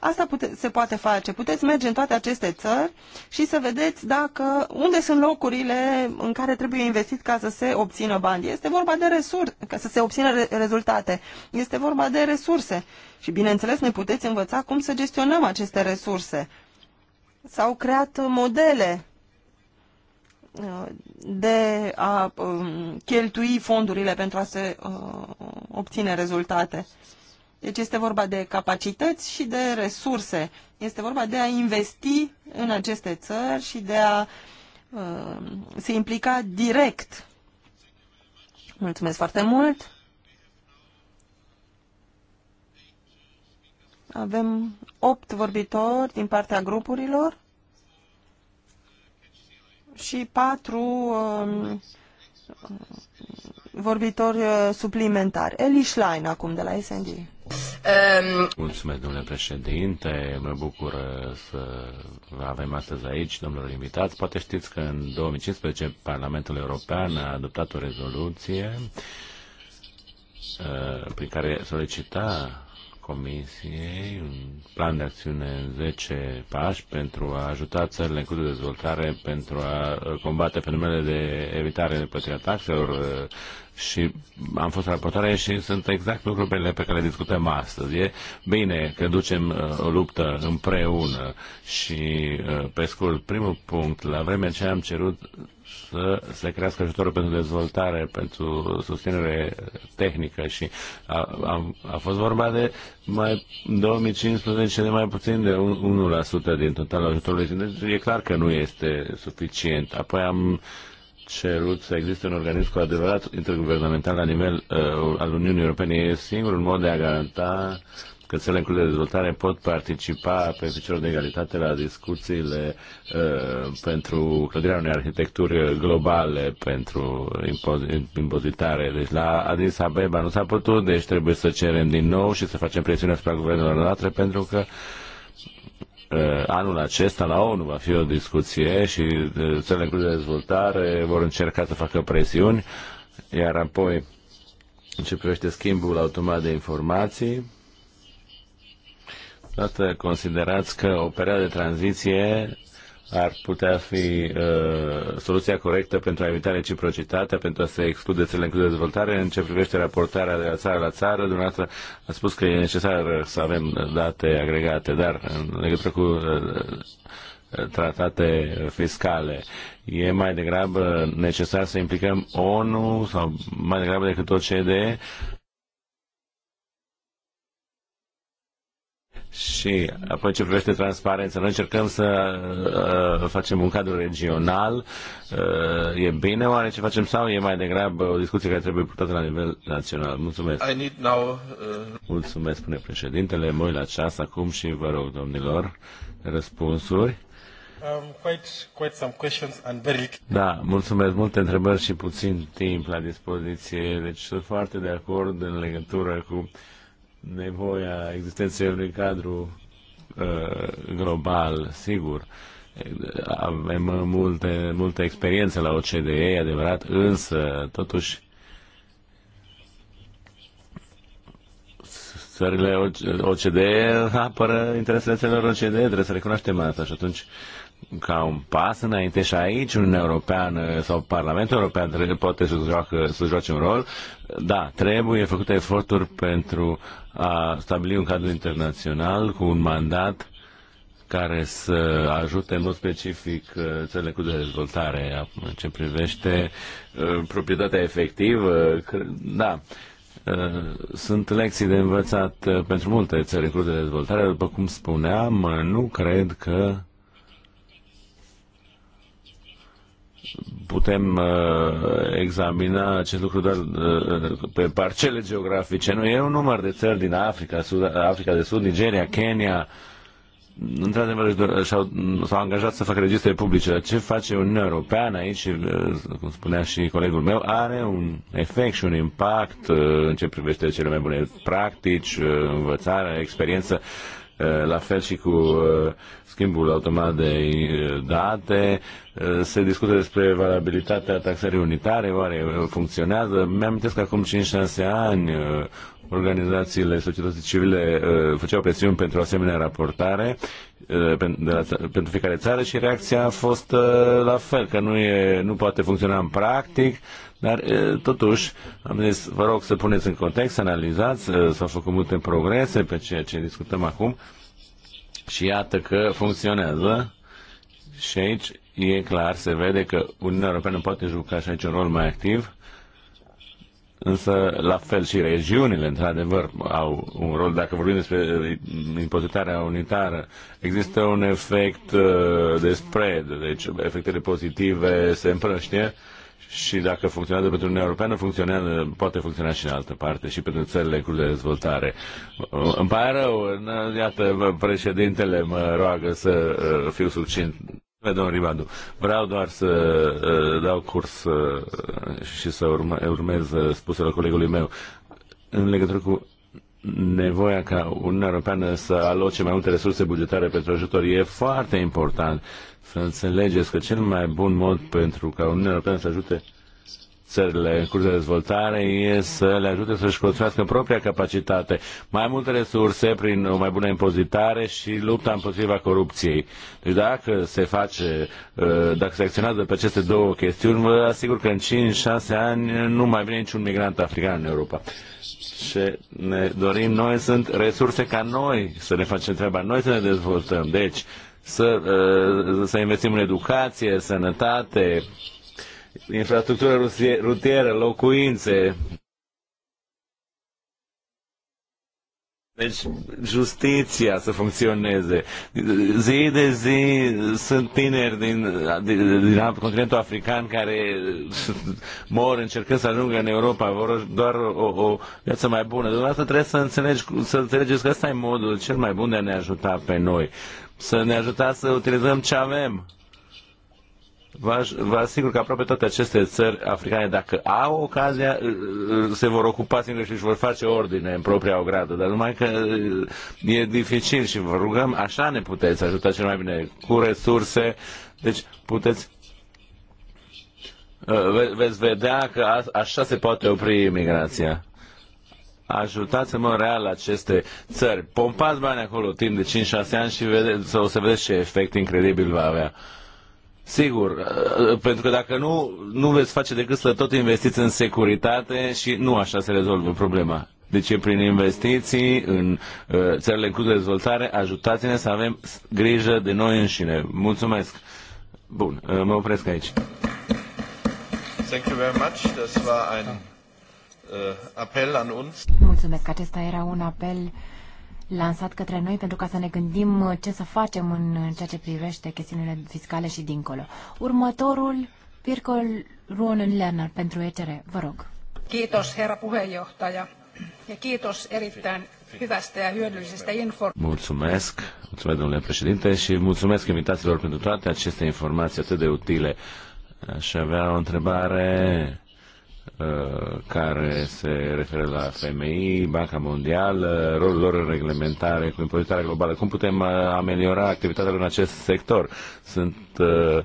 S2: Asta pute, se poate face. Puteți merge în toate aceste țări și să vedeți dacă unde sunt locurile în care trebuie investit ca să se obțină bani. Este vorba de resurse, ca să se obțină re- rezultate. Este vorba de resurse. Și bineînțeles ne puteți învăța cum să gestionăm aceste resurse. S-au creat modele uh, de a um, cheltui fondurile pentru a se uh, obține rezultate. Deci este vorba de capacități și de resurse. Este vorba de a investi în aceste țări și de a uh, se implica direct. Mulțumesc foarte mult! Avem opt vorbitori din partea grupurilor și patru um, vorbitori uh, suplimentari. Eli Schlein acum de la SND.
S3: Ehm, Mulțumesc, domnule președinte. Mă bucur să vă avem astăzi aici, domnilor invitați. Poate știți că în 2015 Parlamentul European a adoptat o rezoluție eh, prin care solicita Comisiei un plan de acțiune în 10 pași pentru a ajuta țările în curs de dezvoltare, pentru a uh, combate fenomenele de evitare de plătirea taxelor uh, și am fost raportare și sunt exact lucrurile pe care le discutăm astăzi. E bine că ducem uh, o luptă împreună și, pe scurt, primul punct, la vremea ce am cerut să se crească ajutorul pentru dezvoltare, pentru susținere tehnică și a, a, a fost vorba de mai 2015 de mai puțin de 1% din totalul ajutorul. Deci e clar că nu este suficient. Apoi am cerut să existe un organism cu adevărat interguvernamental la nivel uh, al Uniunii Europene. E singurul mod de a garanta uh, că țările în curs de dezvoltare pot participa pe picior de egalitate la discuțiile uh, pentru clădirea unei arhitecturi globale pentru impozitare. Deci la Addis Abeba nu s-a putut, deci trebuie să cerem din nou și să facem presiune asupra guvernelor noastre pentru că uh, anul acesta la ONU va fi o discuție și uh, țările în curs de dezvoltare vor încerca să facă presiuni, iar apoi în ce privește schimbul automat de informații, Dată considerați că o perioadă de tranziție ar putea fi uh, soluția corectă pentru a evita reciprocitatea, pentru a se exclude țările în de dezvoltare. În ce privește raportarea de la țară la țară, dumneavoastră a spus că e necesar să avem date agregate, dar în legătură cu uh, tratate fiscale. E mai degrabă necesar să implicăm ONU sau mai degrabă decât OCDE Și apoi ce privește transparență, noi încercăm să uh, facem un cadru regional. Uh, e bine oare ce facem sau e mai degrabă o discuție care trebuie purtată la nivel național? Mulțumesc. I
S1: need now, uh...
S3: Mulțumesc, spune președintele. Mă la ceas acum și vă rog, domnilor, răspunsuri. Um, quite, quite some questions and very... Da, mulțumesc. Multe întrebări și puțin timp la dispoziție. Deci sunt foarte de acord în legătură cu uh, nevoia existenței unui cadru uh, global, sigur. Avem multe, multe experiențe la OCDE, adevărat, însă, totuși, țările OCDE apără interesele țărilor OCDE, trebuie să recunoaștem asta și atunci uh, ca un pas înainte și aici Uniunea Europeană sau Parlamentul European poate să, joacă, să joace un rol. Da, trebuie făcute eforturi pentru a stabili un cadru internațional cu un mandat care să ajute în mod specific uh, țările cu dezvoltare în ce privește uh, proprietatea efectivă. Da, uh, sunt lecții de învățat pentru multe țări în curs de dezvoltare. După cum spuneam, nu cred că putem uh, examina acest lucru doar uh, pe parcele geografice. Nu, e un număr de țări din Africa, Sud, Africa de Sud, Nigeria, Kenya. Într-adevăr, s-au angajat să facă registre publice, dar ce face Uniunea Europeană aici, uh, cum spunea și colegul meu, are un efect și un impact în ce privește cele mai bune practici, învățare, experiență. Eh, la fel și cu eh, schimbul automat de eh, date, se discută despre valabilitatea taxării unitare, oare funcționează? Mi-am că acum 5-6 ani organizațiile societății civile făceau presiuni pentru asemenea raportare pentru, pentru fiecare țară și reacția a fost la fel, că nu, e, nu poate funcționa în practic, dar, totuși, am zis, vă rog să puneți în context, să analizați, s-au făcut multe progrese pe ceea ce discutăm acum și iată că funcționează și aici e clar, se vede că Uniunea Europeană poate juca și aici un rol mai activ, însă la fel și regiunile, într-adevăr, au un rol. Dacă vorbim despre impozitarea unitară, există un efect de spread, deci efectele pozitive se împrăștie și dacă funcționează pentru Uniunea Europeană, funcționează, poate funcționa și în altă parte, și pentru țările cu de dezvoltare. Îmi pare rău, iată, președintele mă roagă să uh, fiu succint. Domnul Ribadu, vreau doar să uh, dau curs uh, și să urmez spusele colegului meu. În legătură cu nevoia ca Uniunea Europeană să aloce mai multe resurse bugetare pentru ajutor e foarte important să înțelegeți că cel mai bun mod pentru ca Uniunea Europeană să ajute țările în curs de dezvoltare e să le ajute să-și construiască propria capacitate, mai multe resurse prin o mai bună impozitare și lupta împotriva corupției. Deci dacă se face, uh, dacă se acționează pe aceste două chestiuni, vă asigur că în 5-6 ani nu mai vine niciun migrant african în Europa. Ce ne dorim noi sunt resurse ca noi să ne facem treaba, noi să ne dezvoltăm. Deci, să, uh, să investim în educație, sănătate, infrastructură rutieră, locuințe. Deci, justiția să funcționeze. Zi de zi sunt tineri din, din, din continentul african care mor încercând să ajungă în Europa, vor doar o, o viață mai bună. Dumneavoastră trebuie să, înțelegi, să înțelegeți că ăsta e modul cel mai bun de a ne ajuta pe noi să ne ajutați să utilizăm ce avem. Vă, vă asigur că aproape toate aceste țări africane, dacă au ocazia, se vor ocupa singure și își vor face ordine în propria ogradă. Dar numai că e dificil și vă rugăm, așa ne puteți ajuta cel mai bine, cu resurse. Deci puteți veți vedea că așa se poate opri imigrația ajutați-mă real aceste țări. Pompați bani acolo timp de 5-6 ani și vede, să o să vedeți ce efect incredibil va avea. Sigur, uh, pentru că dacă nu, nu veți face decât să tot investiți în securitate și nu așa se rezolvă problema. Deci prin investiții în uh, țările cu de dezvoltare, ajutați-ne să avem grijă de noi înșine. Mulțumesc! Bun, uh, mă opresc aici. Thank
S1: you very much. Das war ein Uh, apel an
S4: Mulțumesc, acesta era un apel lansat către noi pentru ca să ne gândim uh, ce să facem în ceea ce privește chestiunile fiscale și dincolo. Următorul, Pircol Ruonen Lerner pentru ECR. Vă rog. Kiitos, herra puheenjohtaja. Ja kiitos erittäin hyvästä ja hyödyllisestä informaatiosta.
S3: Mulțumesc, mulțumesc domnule președinte și mulțumesc invitațiilor pentru toate aceste informații atât de utile. Aș avea o întrebare Uh, care se referă la FMI, Banca Mondială, rolul lor în reglementare cu impozitarea globală. Cum putem uh, ameliora activitatea în acest sector? Sunt uh,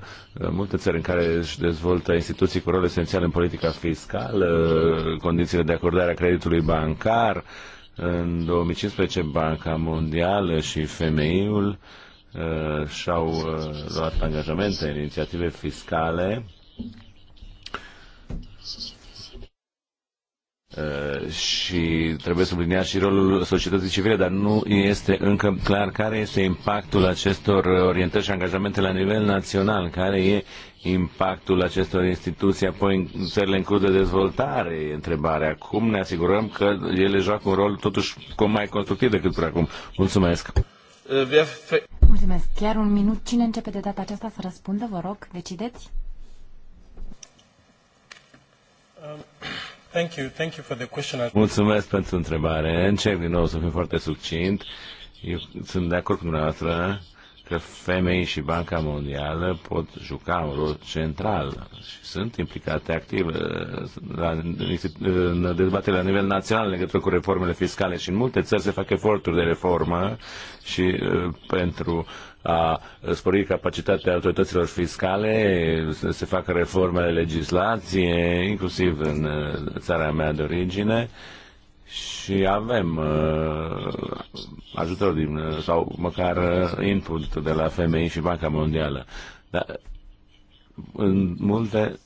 S3: multe țări în care își dezvoltă instituții cu rol esențial în politica fiscală, condițiile de acordare a creditului bancar. În 2015, Banca Mondială și FMI-ul uh, și-au uh, luat angajamente, inițiative fiscale Uh, și trebuie subliniat și rolul societății civile, dar nu este încă clar care este impactul acestor orientări și angajamente la nivel național, care e impactul acestor instituții, apoi în țările în curs de dezvoltare, e întrebarea. Cum ne asigurăm că ele joacă un rol totuși cum mai constructiv decât până acum? Mulțumesc!
S1: Uh,
S4: Mulțumesc! Chiar un minut. Cine începe de data aceasta să răspundă, vă rog? Decideți?
S3: Um. Thank you. Thank you for the question. Mulțumesc pentru întrebare. Încep din nou să fiu foarte succint. Eu sunt de acord cu dumneavoastră că femei și Banca Mondială pot juca un rol central și sunt implicate activ uh, la, în dezbatere la nivel național în legătură cu reformele fiscale și în multe țări se fac eforturi de reformă și uh, pentru uh, a spori capacitatea autorităților fiscale, să se facă de legislație, inclusiv în uh, țara mea de origine, și avem uh, ajutor din, uh, sau măcar uh, input de la FMI și Banca Mondială. Dar în multe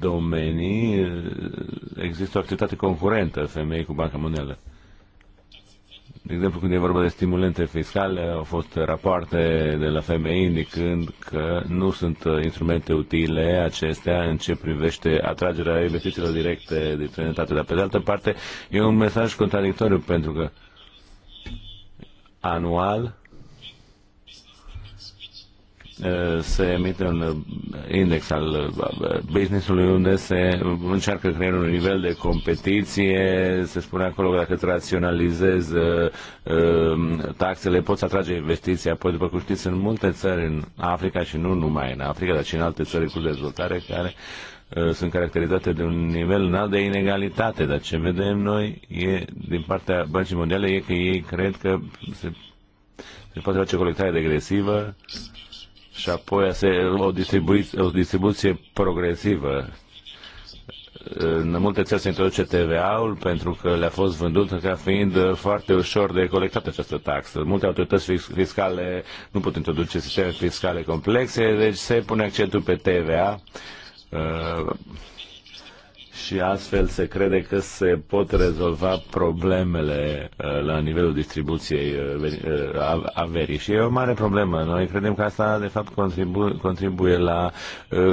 S3: domenii există o activitate concurentă FMI cu Banca Mondială. Uh, de exemplu, când e vorba de stimulente fiscale, au fost rapoarte de la FMI indicând că nu sunt instrumente utile acestea în ce privește atragerea investițiilor directe din străinătate. Dar, pe de altă parte, e un mesaj contradictoriu pentru că anual Uh, se emite un uh, index al uh, businessului unde se încearcă crearea un nivel de competiție. Se spune acolo că dacă îți raționalizezi um, taxele, poți atrage investiții. Apoi, după cum știți, sunt multe țări în Africa și nu numai în Africa, dar și în alte țări cu dezvoltare care sunt caracterizate de un nivel înalt de inegalitate, dar ce vedem noi e, din partea Băncii Mondiale e că ei cred că se, se poate face colectare degresivă și apoi o distribuție, o distribuție progresivă. În multe țări se introduce TVA-ul pentru că le-a fost vândut ca fiind foarte ușor de colectat această taxă. Multe autorități fiscale nu pot introduce sisteme fiscale complexe, deci se pune accentul pe TVA uh, și astfel se crede că se pot rezolva problemele uh, la nivelul distribuției uh, uh, averii. Și e o mare problemă. Noi credem că asta, de fapt, contribu- contribuie la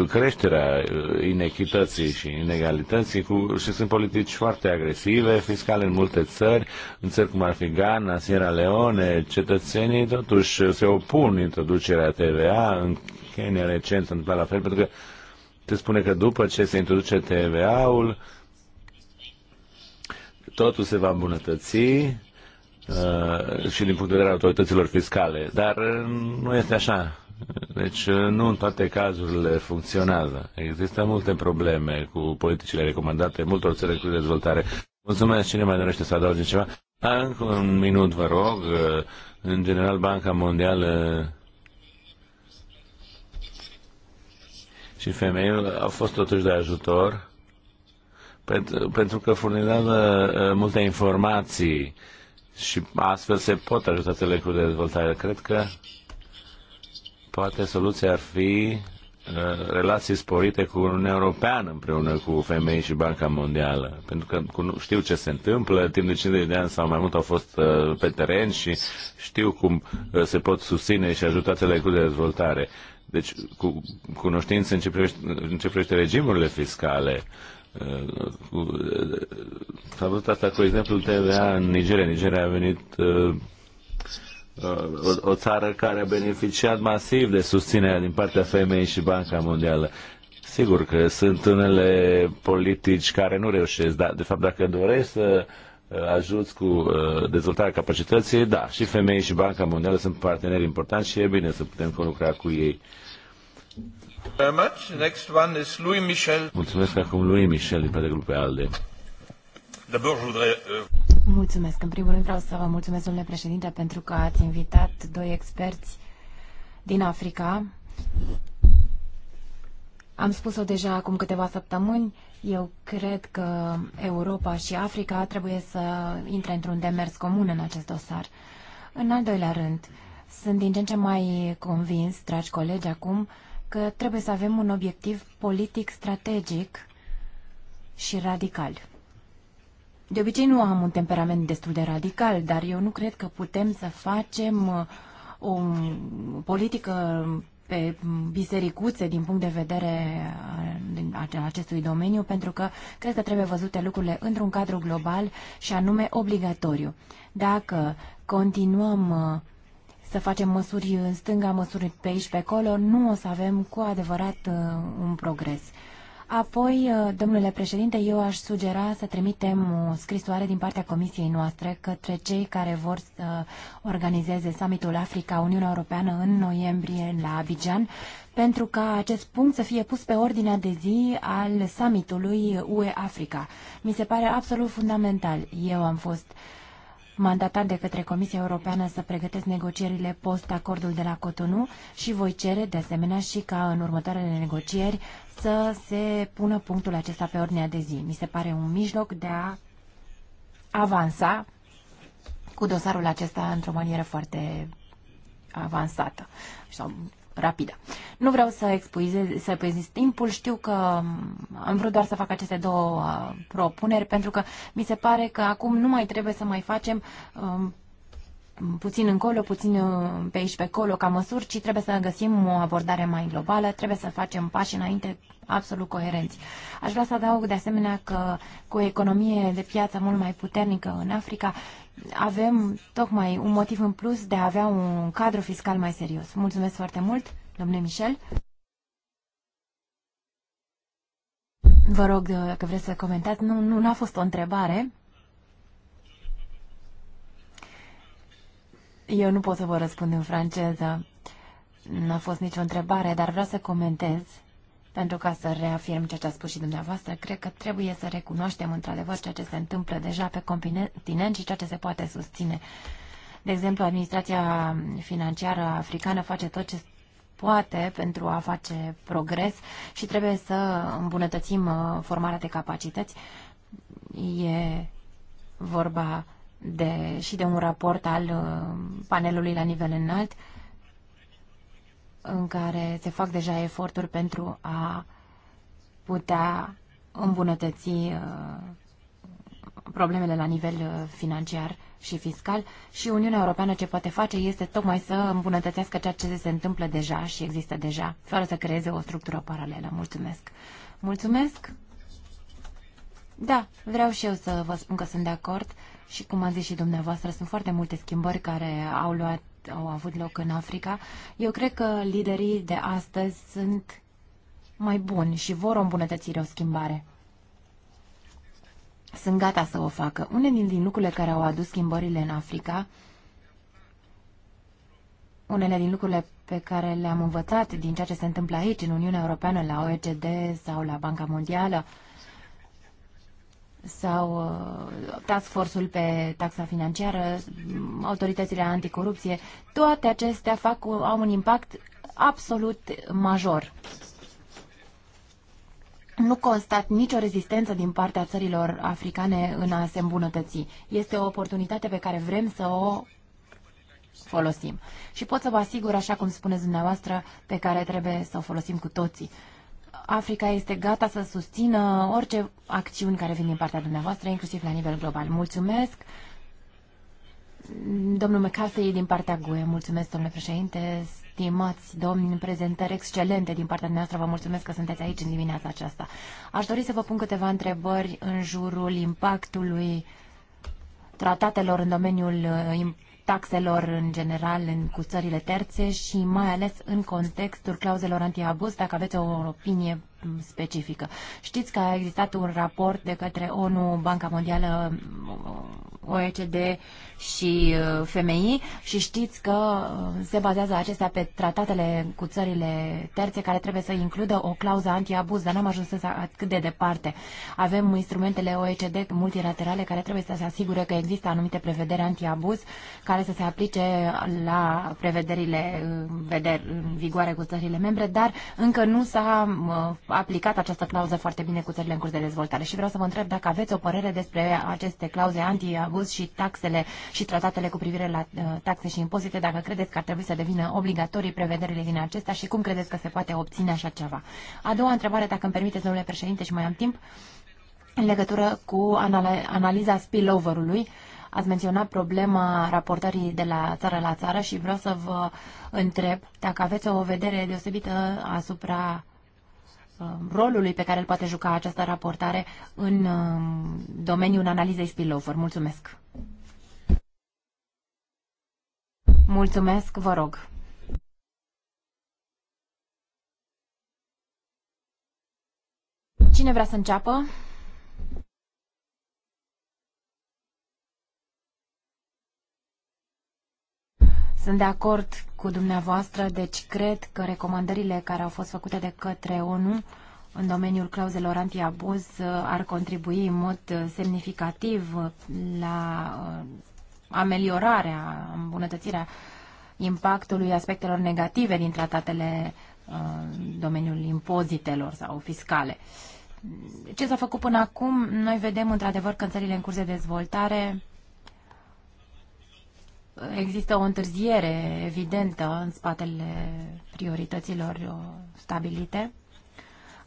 S3: creșterea inechității și inegalității cu, și sunt politici foarte agresive, fiscale în multe țări, în țări cum ar fi Ghana, Sierra Leone, cetățenii totuși se opun introducerea TVA, în Kenya recent s la fel, pentru că se spune că după ce se introduce TVA-ul, totul se va îmbunătăți uh, și din punct de vedere al autorităților fiscale. Dar uh, nu este așa. Deci uh, nu în toate cazurile funcționează. Există multe probleme cu politicile recomandate multor țări cu dezvoltare. Mulțumesc. Cine mai dorește să adauge ceva? Încă un minut, vă rog. În general, Banca Mondială și femeile au fost totuși de ajutor pentru, pentru că furnizează multe informații și astfel se pot ajuta țările cu dezvoltare. Cred că poate soluția ar fi relații sporite cu Uniunea Europeană împreună cu femei și Banca Mondială. Pentru că știu ce se întâmplă, timp de 50 de ani sau mai mult au fost pe teren și știu cum se pot susține și ajuta țările cu dezvoltare. Deci, cu cunoștință în ce privește, în ce privește regimurile fiscale, uh, uh, S-a văzut asta cu exemplul TVA în Nigeria. Nigeria a venit uh, uh, o, o țară care a beneficiat masiv de susținerea din partea femei și Banca Mondială. Sigur că sunt unele politici care nu reușesc, dar de fapt dacă doresc să uh, Uh, ajuți cu uh, dezvoltarea capacității, da, și femei și Banca Mondială sunt parteneri importanti și e bine să putem lucra cu ei.
S1: Next one is Louis Michel.
S3: Mulțumesc acum lui Michel din partea grupului ALDE.
S1: Euh,
S4: mulțumesc. În primul rând vreau să vă mulțumesc, domnule președinte, pentru că ați invitat doi experți din Africa. Am spus-o deja acum câteva săptămâni. Eu cred că Europa și Africa trebuie să intre într-un demers comun în acest dosar. În al doilea rând, sunt din ce în ce mai convins, dragi colegi, acum că trebuie să avem un obiectiv politic strategic și radical. De obicei nu am un temperament destul de radical, dar eu nu cred că putem să facem uh, o politică pe bisericuțe din punct de vedere al acestui domeniu, pentru că cred că trebuie văzute lucrurile într-un cadru global și anume obligatoriu. Dacă continuăm uh, să facem măsuri în stânga, măsuri pe aici, pe acolo, nu o să avem cu adevărat uh, un progres. Apoi, uh, domnule președinte, eu aș sugera să trimitem o scrisoare din partea comisiei noastre către cei care vor să organizeze summitul Africa-Uniunea Europeană în noiembrie la Abidjan, pentru ca acest punct să fie pus pe ordinea de zi al summitului UE-Africa. Mi se pare absolut fundamental. Eu am fost uh, mandatat de către Comisia Europeană să pregătesc negocierile post-acordul de la Cotonou și voi cere de asemenea și ca în următoarele negocieri să se pună punctul acesta pe ordinea de zi. Mi se pare un mijloc de a avansa cu dosarul acesta într-o manieră foarte avansată sau rapidă. Nu vreau să expuizez, să prezint timpul, știu că mm, am vrut doar să fac aceste două uh, propuneri, pentru că mi se pare că acum nu mai trebuie să mai facem um, puțin încolo, puțin uh, pe aici, pe acolo, ca măsuri, ci trebuie să găsim o abordare mai globală, trebuie să facem pași înainte absolut coerenți. Aș vrea să adaug de asemenea că cu o economie de piață mult mai puternică în Africa, avem tocmai un motiv în plus de a avea un cadru fiscal mai serios. Mulțumesc foarte mult, domnule Michel. Vă rog că vreți să comentați. Nu, nu, nu a fost o întrebare. Eu nu pot să vă răspund în franceză. N-a fost nicio întrebare, dar vreau să comentez pentru ca să reafirm ceea ce a spus și dumneavoastră, cred că trebuie să recunoaștem într-adevăr ceea ce se întâmplă deja pe continent și ceea ce se poate susține. De exemplu, administrația financiară africană face tot ce poate pentru a face progres și trebuie să îmbunătățim uh, formarea de capacități. E vorba de, și de un raport al uh, panelului la nivel înalt în care se fac deja eforturi pentru a putea îmbunătăți uh, problemele la nivel uh, financiar și fiscal și Uniunea Europeană ce poate face este tocmai să îmbunătățească ceea ce se întâmplă deja și există deja, fără să creeze o structură paralelă. Mulțumesc! Mulțumesc! Da, vreau și eu să vă spun că sunt de acord și cum a zis și dumneavoastră, sunt foarte multe schimbări care au luat au avut loc în Africa, eu cred că liderii de astăzi sunt mai buni și vor o îmbunătățire, o schimbare. Sunt gata să o facă. Unele din lucrurile care au adus schimbările în Africa, unele din lucrurile pe care le-am învățat din ceea ce se întâmplă aici, în Uniunea Europeană, la OECD sau la Banca Mondială, sau uh, task force-ul pe taxa financiară, autoritățile anticorupție, toate acestea fac, uh, au un impact absolut major. Nu constat nicio rezistență din partea țărilor africane în a se îmbunătăți. Este o oportunitate pe care vrem să o folosim. Și pot să vă asigur, așa cum spuneți dumneavoastră, pe care trebuie să o folosim cu toții. Africa este gata să susțină orice acțiuni care vin din partea dumneavoastră, inclusiv la nivel global. Mulțumesc! Domnul McCarthy din partea GUE, mulțumesc, domnule președinte, stimați domni, prezentări excelente din partea noastră, vă mulțumesc că sunteți aici în dimineața aceasta. Aș dori să vă pun câteva întrebări în jurul impactului tratatelor în domeniul uh, taxelor în general în, cu țările terțe și mai ales în contextul clauzelor antiabuz, dacă aveți o opinie specifică. Știți că a existat un raport de către ONU, Banca Mondială, OECD și uh, FMI și știți că uh, se bazează acestea pe tratatele cu țările terțe care trebuie să includă o clauză anti-abuz, dar n-am ajuns să atât de departe. Avem instrumentele OECD multilaterale care trebuie să se asigure că există anumite prevederi anti-abuz care să se aplice la prevederile uh, în vigoare cu țările membre, dar încă nu s-a aplicat această clauză foarte bine cu țările în curs de dezvoltare și vreau să vă întreb dacă aveți o părere despre aceste clauze anti-abuz și taxele și tratatele cu privire la uh, taxe și impozite, dacă credeți că ar trebui să devină obligatorii prevederile din acestea și cum credeți că se poate obține așa ceva. A doua întrebare, dacă îmi permiteți, domnule președinte, și mai am timp, în legătură cu analiza spillover-ului, Ați menționat problema raportării de la țară la țară și vreau să vă întreb dacă aveți o vedere deosebită asupra Um, rolului pe care îl poate juca această raportare în um, domeniul analizei spillover. Mulțumesc! Mulțumesc, vă rog! Cine vrea să înceapă? Sunt de acord cu dumneavoastră, deci cred că recomandările care au fost făcute de către ONU în domeniul clauzelor antiabuz uh, ar contribui în mod uh, semnificativ uh, la ameliorarea, îmbunătățirea impactului aspectelor negative din tratatele în domeniul impozitelor sau fiscale. Ce s-a făcut până acum? Noi vedem într-adevăr că în țările în curs de dezvoltare există o întârziere evidentă în spatele priorităților stabilite.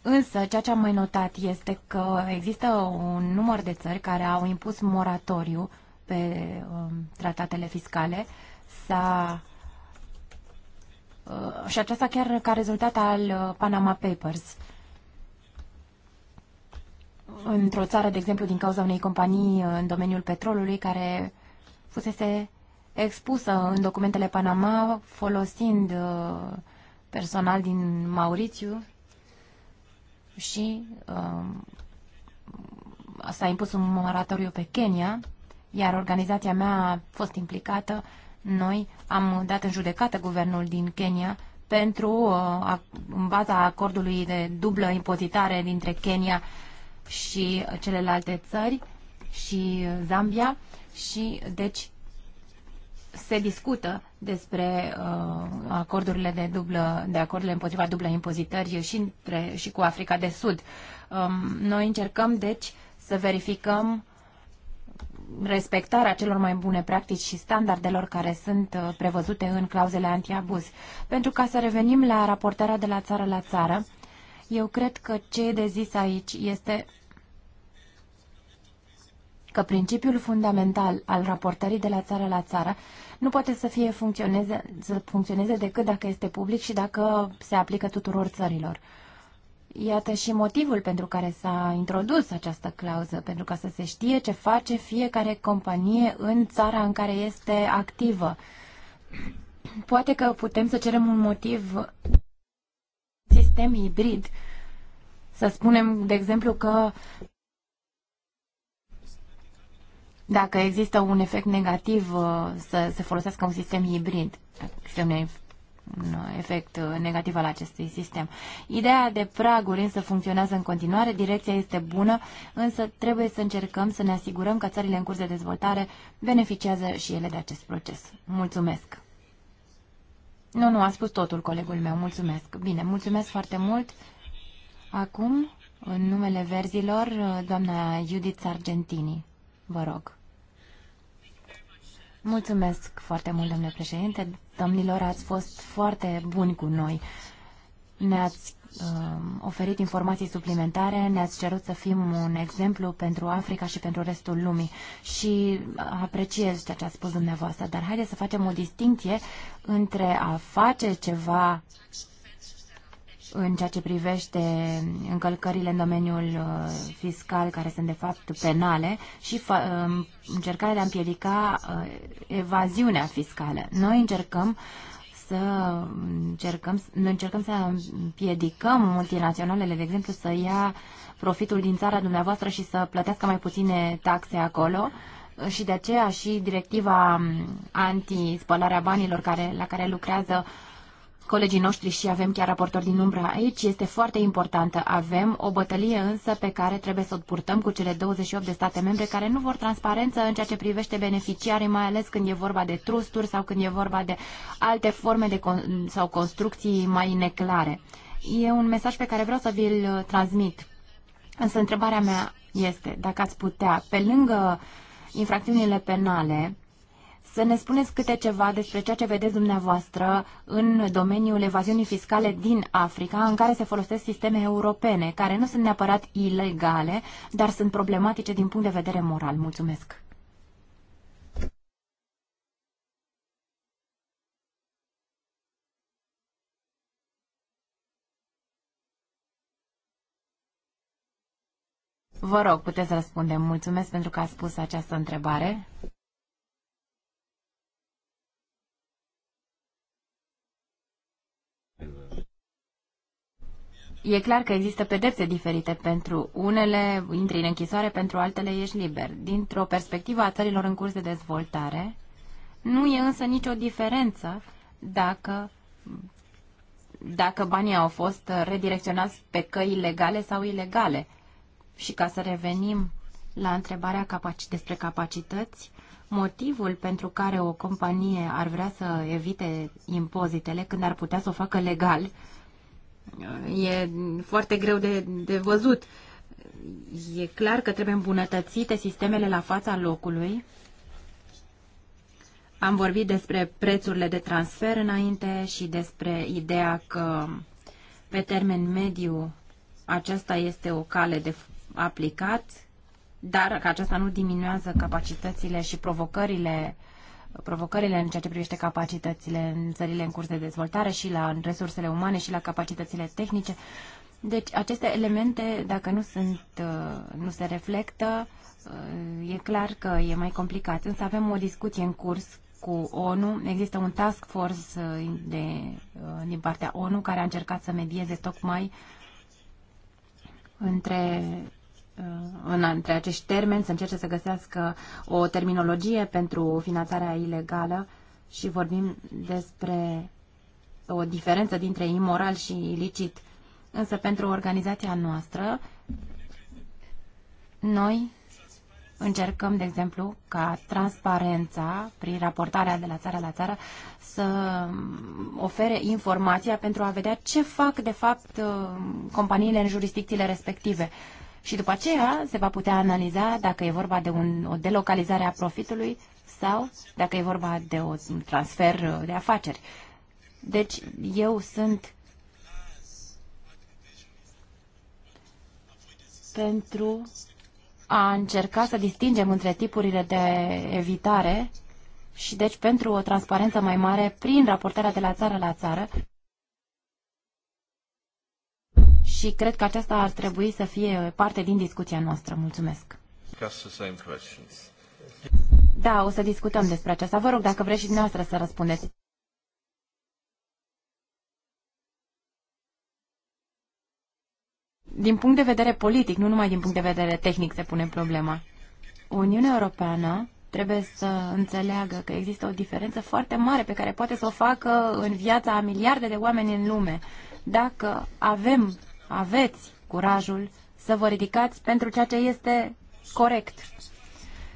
S4: Însă, ceea ce am mai notat este că există un număr de țări care au impus moratoriu pe um, tratatele fiscale. S-a, uh, și aceasta chiar ca rezultat al uh, Panama Papers. Într-o țară, de exemplu, din cauza unei companii uh, în domeniul petrolului care fusese expusă în documentele Panama folosind uh, personal din Mauritiu și uh, s-a impus un moratoriu pe Kenya, iar organizația mea a fost implicată. Noi am dat în judecată guvernul din Kenya pentru, uh, în baza acordului de dublă impozitare dintre Kenya și celelalte țări și Zambia și deci se discută despre uh, acordurile de dublă, de acordurile împotriva dublă impozitări și, între, și cu Africa de Sud. Um, noi încercăm, deci, să verificăm respectarea celor mai bune practici și standardelor care sunt uh, prevăzute în clauzele antiabuz. Pentru ca să revenim la raportarea de la țară la țară, eu cred că ce e de zis aici este că principiul fundamental al raportării de la țară la țară nu poate să fie funcționeze, să funcționeze decât dacă este public și dacă se aplică tuturor țărilor. Iată și motivul pentru care s-a introdus această clauză, pentru ca să se știe ce face fiecare companie în țara în care este activă. Poate că putem să cerem un motiv sistem hibrid, să spunem, de exemplu, că dacă există un efect negativ uh, să se folosească un sistem hibrid, un efect uh, negativ al acestui sistem. Ideea de praguri însă funcționează în continuare, direcția este bună, însă trebuie să încercăm să ne asigurăm că țările în curs de dezvoltare beneficiază și ele de acest proces. Mulțumesc! Nu, nu, a spus totul colegul meu, mulțumesc. Bine, mulțumesc foarte mult. Acum, în numele verzilor, uh, doamna Judith Sargentini, vă rog. Mulțumesc foarte mult, domnule președinte. Domnilor, ați fost foarte buni cu noi. Ne-ați uh, oferit informații suplimentare, ne-ați cerut să fim un exemplu pentru Africa și pentru restul lumii și apreciez ceea ce ați spus dumneavoastră, dar haideți să facem o distinție între a face ceva în ceea ce privește încălcările în domeniul uh, fiscal, care sunt de fapt penale, și um, încercarea de a împiedica uh, evaziunea fiscală. Noi încercăm să încercăm, noi încercăm să împiedicăm multinaționalele, de exemplu, să ia profitul din țara dumneavoastră și să plătească mai puține taxe acolo și de aceea și directiva um, anti-spălarea banilor care, la care lucrează uh, colegii noștri și avem chiar raportori din umbra aici, este foarte importantă. Avem o bătălie însă pe care trebuie să o purtăm cu cele 28 de state membre care nu vor transparență în ceea ce privește beneficiarii, mai ales când e vorba de trusturi sau când e vorba de alte forme de con- sau construcții mai neclare. E un mesaj pe care vreau să vi-l transmit. Însă întrebarea mea este dacă ați putea, pe lângă infracțiunile penale, să ne spuneți câte ceva despre ceea ce vedeți dumneavoastră în domeniul evaziunii fiscale din Africa, în care se folosesc sisteme europene, care nu sunt neapărat ilegale, dar sunt problematice din punct de vedere moral. Mulțumesc! Vă rog, puteți răspunde. Mulțumesc pentru că ați spus această întrebare. E clar că există pedepse diferite pentru unele, intri în închisoare, pentru altele ești liber. Dintr-o perspectivă a țărilor în curs de dezvoltare, nu e însă nicio diferență dacă, dacă banii au fost redirecționați pe căi legale sau ilegale. Și ca să revenim la întrebarea capaci- despre capacități, motivul pentru care o companie ar vrea să evite impozitele când ar putea să o facă legal e foarte greu de, de văzut. E clar că trebuie îmbunătățite sistemele la fața locului. Am vorbit despre prețurile de transfer înainte și despre ideea că pe termen mediu aceasta este o cale de aplicat, dar că aceasta nu diminuează capacitățile și provocările provocările în ceea ce privește capacitățile în țările în curs de dezvoltare și la resursele umane și la capacitățile tehnice. Deci aceste elemente, dacă nu, sunt, uh, nu se reflectă, uh, e clar că e mai complicat. Însă avem o discuție în curs cu ONU. Există un task force uh, de, din partea ONU care a încercat să medieze tocmai între Uh, în între acești termeni, să încerce să găsească o terminologie pentru finanțarea ilegală și vorbim despre o diferență dintre imoral și ilicit. Însă pentru organizația noastră, noi încercăm, de exemplu, ca transparența prin raportarea de la țară la țară să ofere informația pentru a vedea ce fac, de fapt, uh, companiile în jurisdicțiile respective și după aceea se va putea analiza dacă e vorba de un, o delocalizare a profitului sau dacă e vorba de o, un transfer uh, de afaceri. Deci eu sunt pentru a încerca să distingem între tipurile de evitare și deci pentru o transparență mai mare prin raportarea de la țară la țară și cred că aceasta ar trebui să fie parte din discuția noastră. Mulțumesc.
S1: Da, o să discutăm
S4: despre aceasta. Vă rog, dacă vreți și dumneavoastră să răspundeți. Din punct de vedere politic, nu numai din punct de vedere tehnic se pune problema. Uniunea Europeană trebuie să înțeleagă că există o diferență foarte mare pe care poate să o facă în viața a miliarde de oameni în lume. Dacă avem aveți curajul să vă ridicați pentru ceea ce este corect.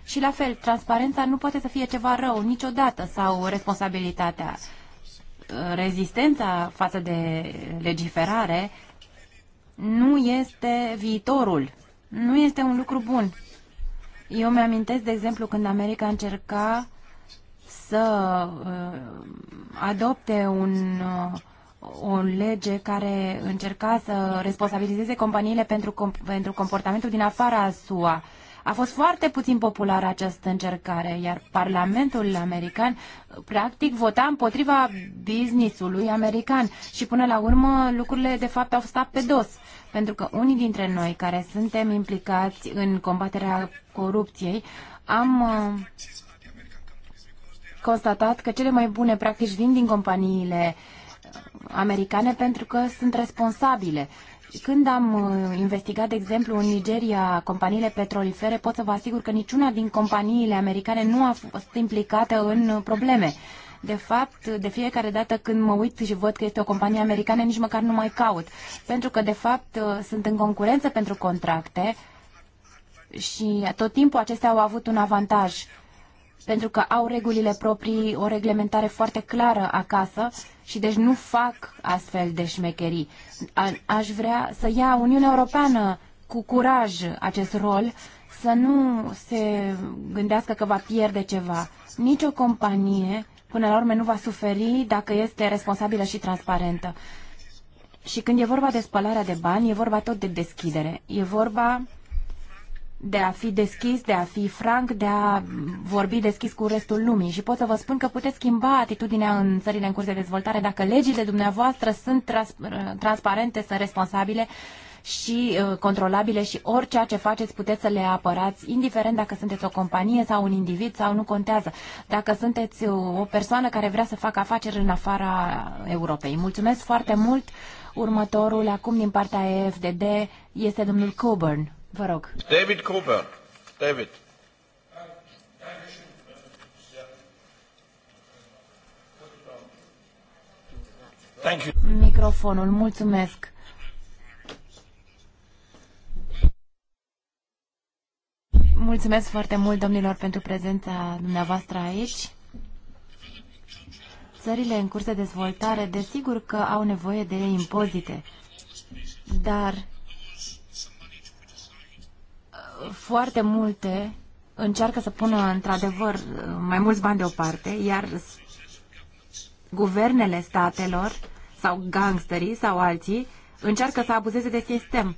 S4: Și la fel, transparența nu poate să fie ceva rău niciodată sau responsabilitatea. Rezistența față de legiferare nu este viitorul, nu este un lucru bun. Eu mi-amintesc, de exemplu, când America încerca să uh, adopte un uh, o lege care încerca să responsabilizeze companiile pentru, com- pentru comportamentul din afara SUA. A fost foarte puțin populară această încercare, iar Parlamentul american practic vota împotriva businessului american și până la urmă lucrurile de fapt au stat pe dos. Pentru că unii dintre noi care suntem implicați în combaterea corupției am uh, constatat că cele mai bune practici vin din companiile uh, americane pentru că sunt responsabile. Când am uh, investigat, de exemplu, în Nigeria companiile petrolifere, pot să vă asigur că niciuna din companiile americane nu a fost implicată în probleme. De fapt, de fiecare dată când mă uit și văd că este o companie americană, nici măcar nu mai caut. Pentru că, de fapt, uh, sunt în concurență pentru contracte și tot timpul acestea au avut un avantaj pentru că au regulile proprii, o reglementare foarte clară acasă și deci nu fac astfel de șmecherii. A, aș vrea să ia Uniunea Europeană cu curaj acest rol, să nu se gândească că va pierde ceva. Nici o companie, până la urmă, nu va suferi dacă este responsabilă și transparentă. Și când e vorba de spălarea de bani, e vorba tot de deschidere. E vorba de a fi deschis, de a fi franc, de a vorbi deschis cu restul lumii. Și pot să vă spun că puteți schimba atitudinea în țările în curs de dezvoltare dacă legile dumneavoastră sunt trans- transparente, sunt responsabile și uh, controlabile și orice ce faceți puteți să le apărați, indiferent dacă sunteți o companie sau un individ sau nu contează. Dacă sunteți uh, o persoană care vrea să facă afaceri în afara Europei. Mulțumesc foarte mult! Următorul acum din partea EFDD este domnul Coburn. Vă rog.
S1: David Cooper. David. Thank you.
S4: Microfonul, mulțumesc. Mulțumesc foarte mult, domnilor, pentru prezența dumneavoastră aici. Țările în curs de dezvoltare, desigur că au nevoie de impozite, dar foarte multe încearcă să pună într-adevăr uh, mai mulți bani deoparte, iar guvernele statelor sau gangsterii sau alții încearcă să abuzeze de sistem.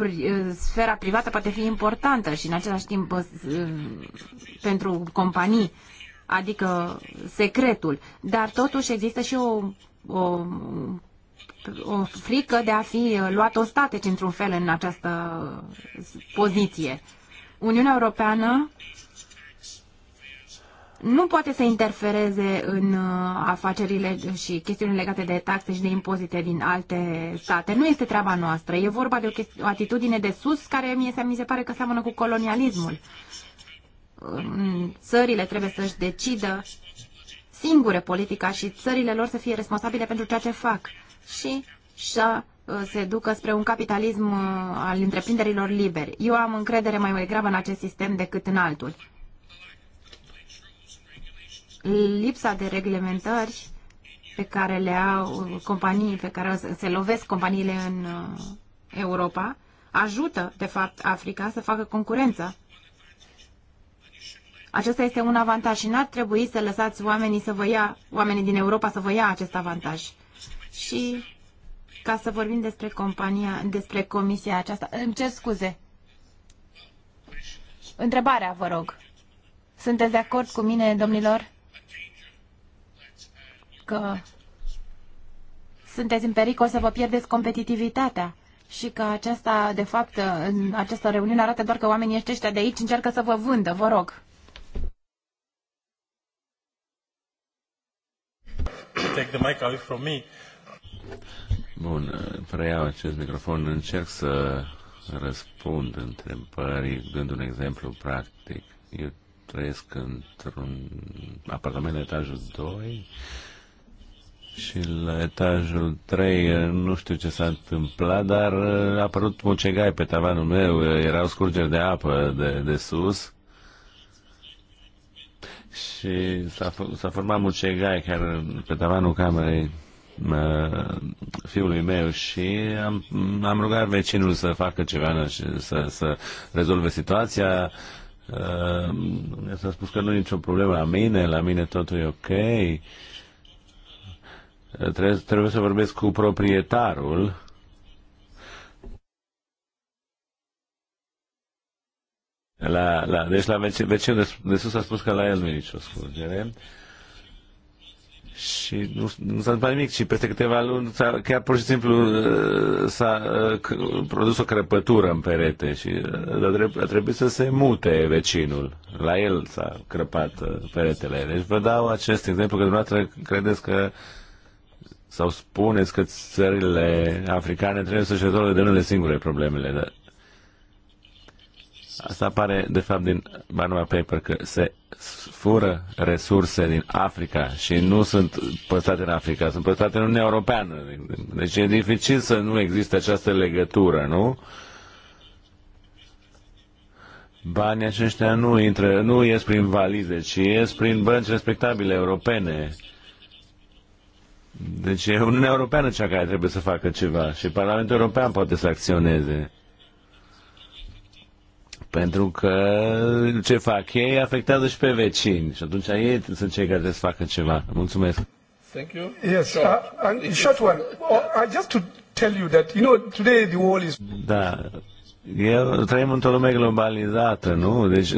S4: Uh, sfera privată poate fi importantă și în același timp uh, pentru companii, adică secretul, dar totuși există și o, o o frică de a fi luat ostateci într-un fel în această poziție. Uniunea Europeană nu poate să interfereze în uh, afacerile și chestiuni legate de taxe și de impozite din alte state. Nu este treaba noastră. E vorba de o, o atitudine de sus care mie mi se pare că seamănă cu colonialismul. Um, țările trebuie să-și decidă singure politica și țările lor să fie responsabile pentru ceea ce fac și să uh, se ducă spre un capitalism uh, al întreprinderilor liberi. Eu am încredere mai degrabă în acest sistem decât în altul. Lipsa de reglementări pe care le au uh, companii, pe care se lovesc companiile în Europa, ajută, de fapt, Africa să facă concurență. Acesta este un avantaj și n-ar trebui să lăsați oamenii să vă ia, oamenii din Europa să vă ia acest avantaj. Și ca să vorbim despre compania, despre comisia aceasta, îmi cer scuze. Întrebarea, vă rog. Sunteți de acord cu mine, domnilor? Că sunteți în pericol să vă pierdeți competitivitatea și că aceasta, de fapt, în această reuniune arată doar că oamenii ăștia de aici încearcă să vă vândă, vă rog.
S3: Take the mic away from me. Bun, preiau acest microfon. Încerc să răspund întrebării dând un exemplu practic. Eu trăiesc într-un apartament la etajul 2 și la etajul 3 nu știu ce s-a întâmplat, dar a apărut mucegai pe tavanul meu, erau scurgeri de apă de, de sus și s-a, s-a format mucegai chiar pe tavanul camerei Uh, fiului meu și am, am rugat vecinul să facă ceva, să, să rezolve situația. Uh, s-a spus că nu e nicio problemă la mine, la mine totul e ok. Uh, trebuie, trebuie să vorbesc cu proprietarul. La, la, deci la vecinul de, de sus a spus că la el nu e nicio scurgere. Uh, și nu, nu s-a întâmplat nimic și peste câteva luni chiar pur și simplu uh, s-a uh, produs o crăpătură în perete și uh, a trebuit să se mute vecinul. La el s-a crăpat peretele. Deci vă dau acest exemplu că dumneavoastră credeți că sau spuneți că țările africane trebuie să-și rezolve de unele singure problemele, dar Asta apare, de fapt, din Panama Paper, că se fură resurse din Africa și nu sunt păstrate în Africa, sunt păstrate în Uniunea Europeană. Deci e dificil să nu existe această legătură, nu? Banii aceștia nu intră, nu ies prin valize, ci ies prin bănci respectabile europene. Deci e Uniunea Europeană cea care trebuie să facă ceva și Parlamentul European poate să acționeze. Pentru că ce fac ei afectează și pe vecini și atunci ei sunt cei care trebuie să facă ceva. Mulțumesc.
S1: Thank you. Yes, short. Uh, and in short one, oh, I just to tell you that, you know, today the world is...
S3: Da, eu, trăim într-o lume globalizată, nu? Deci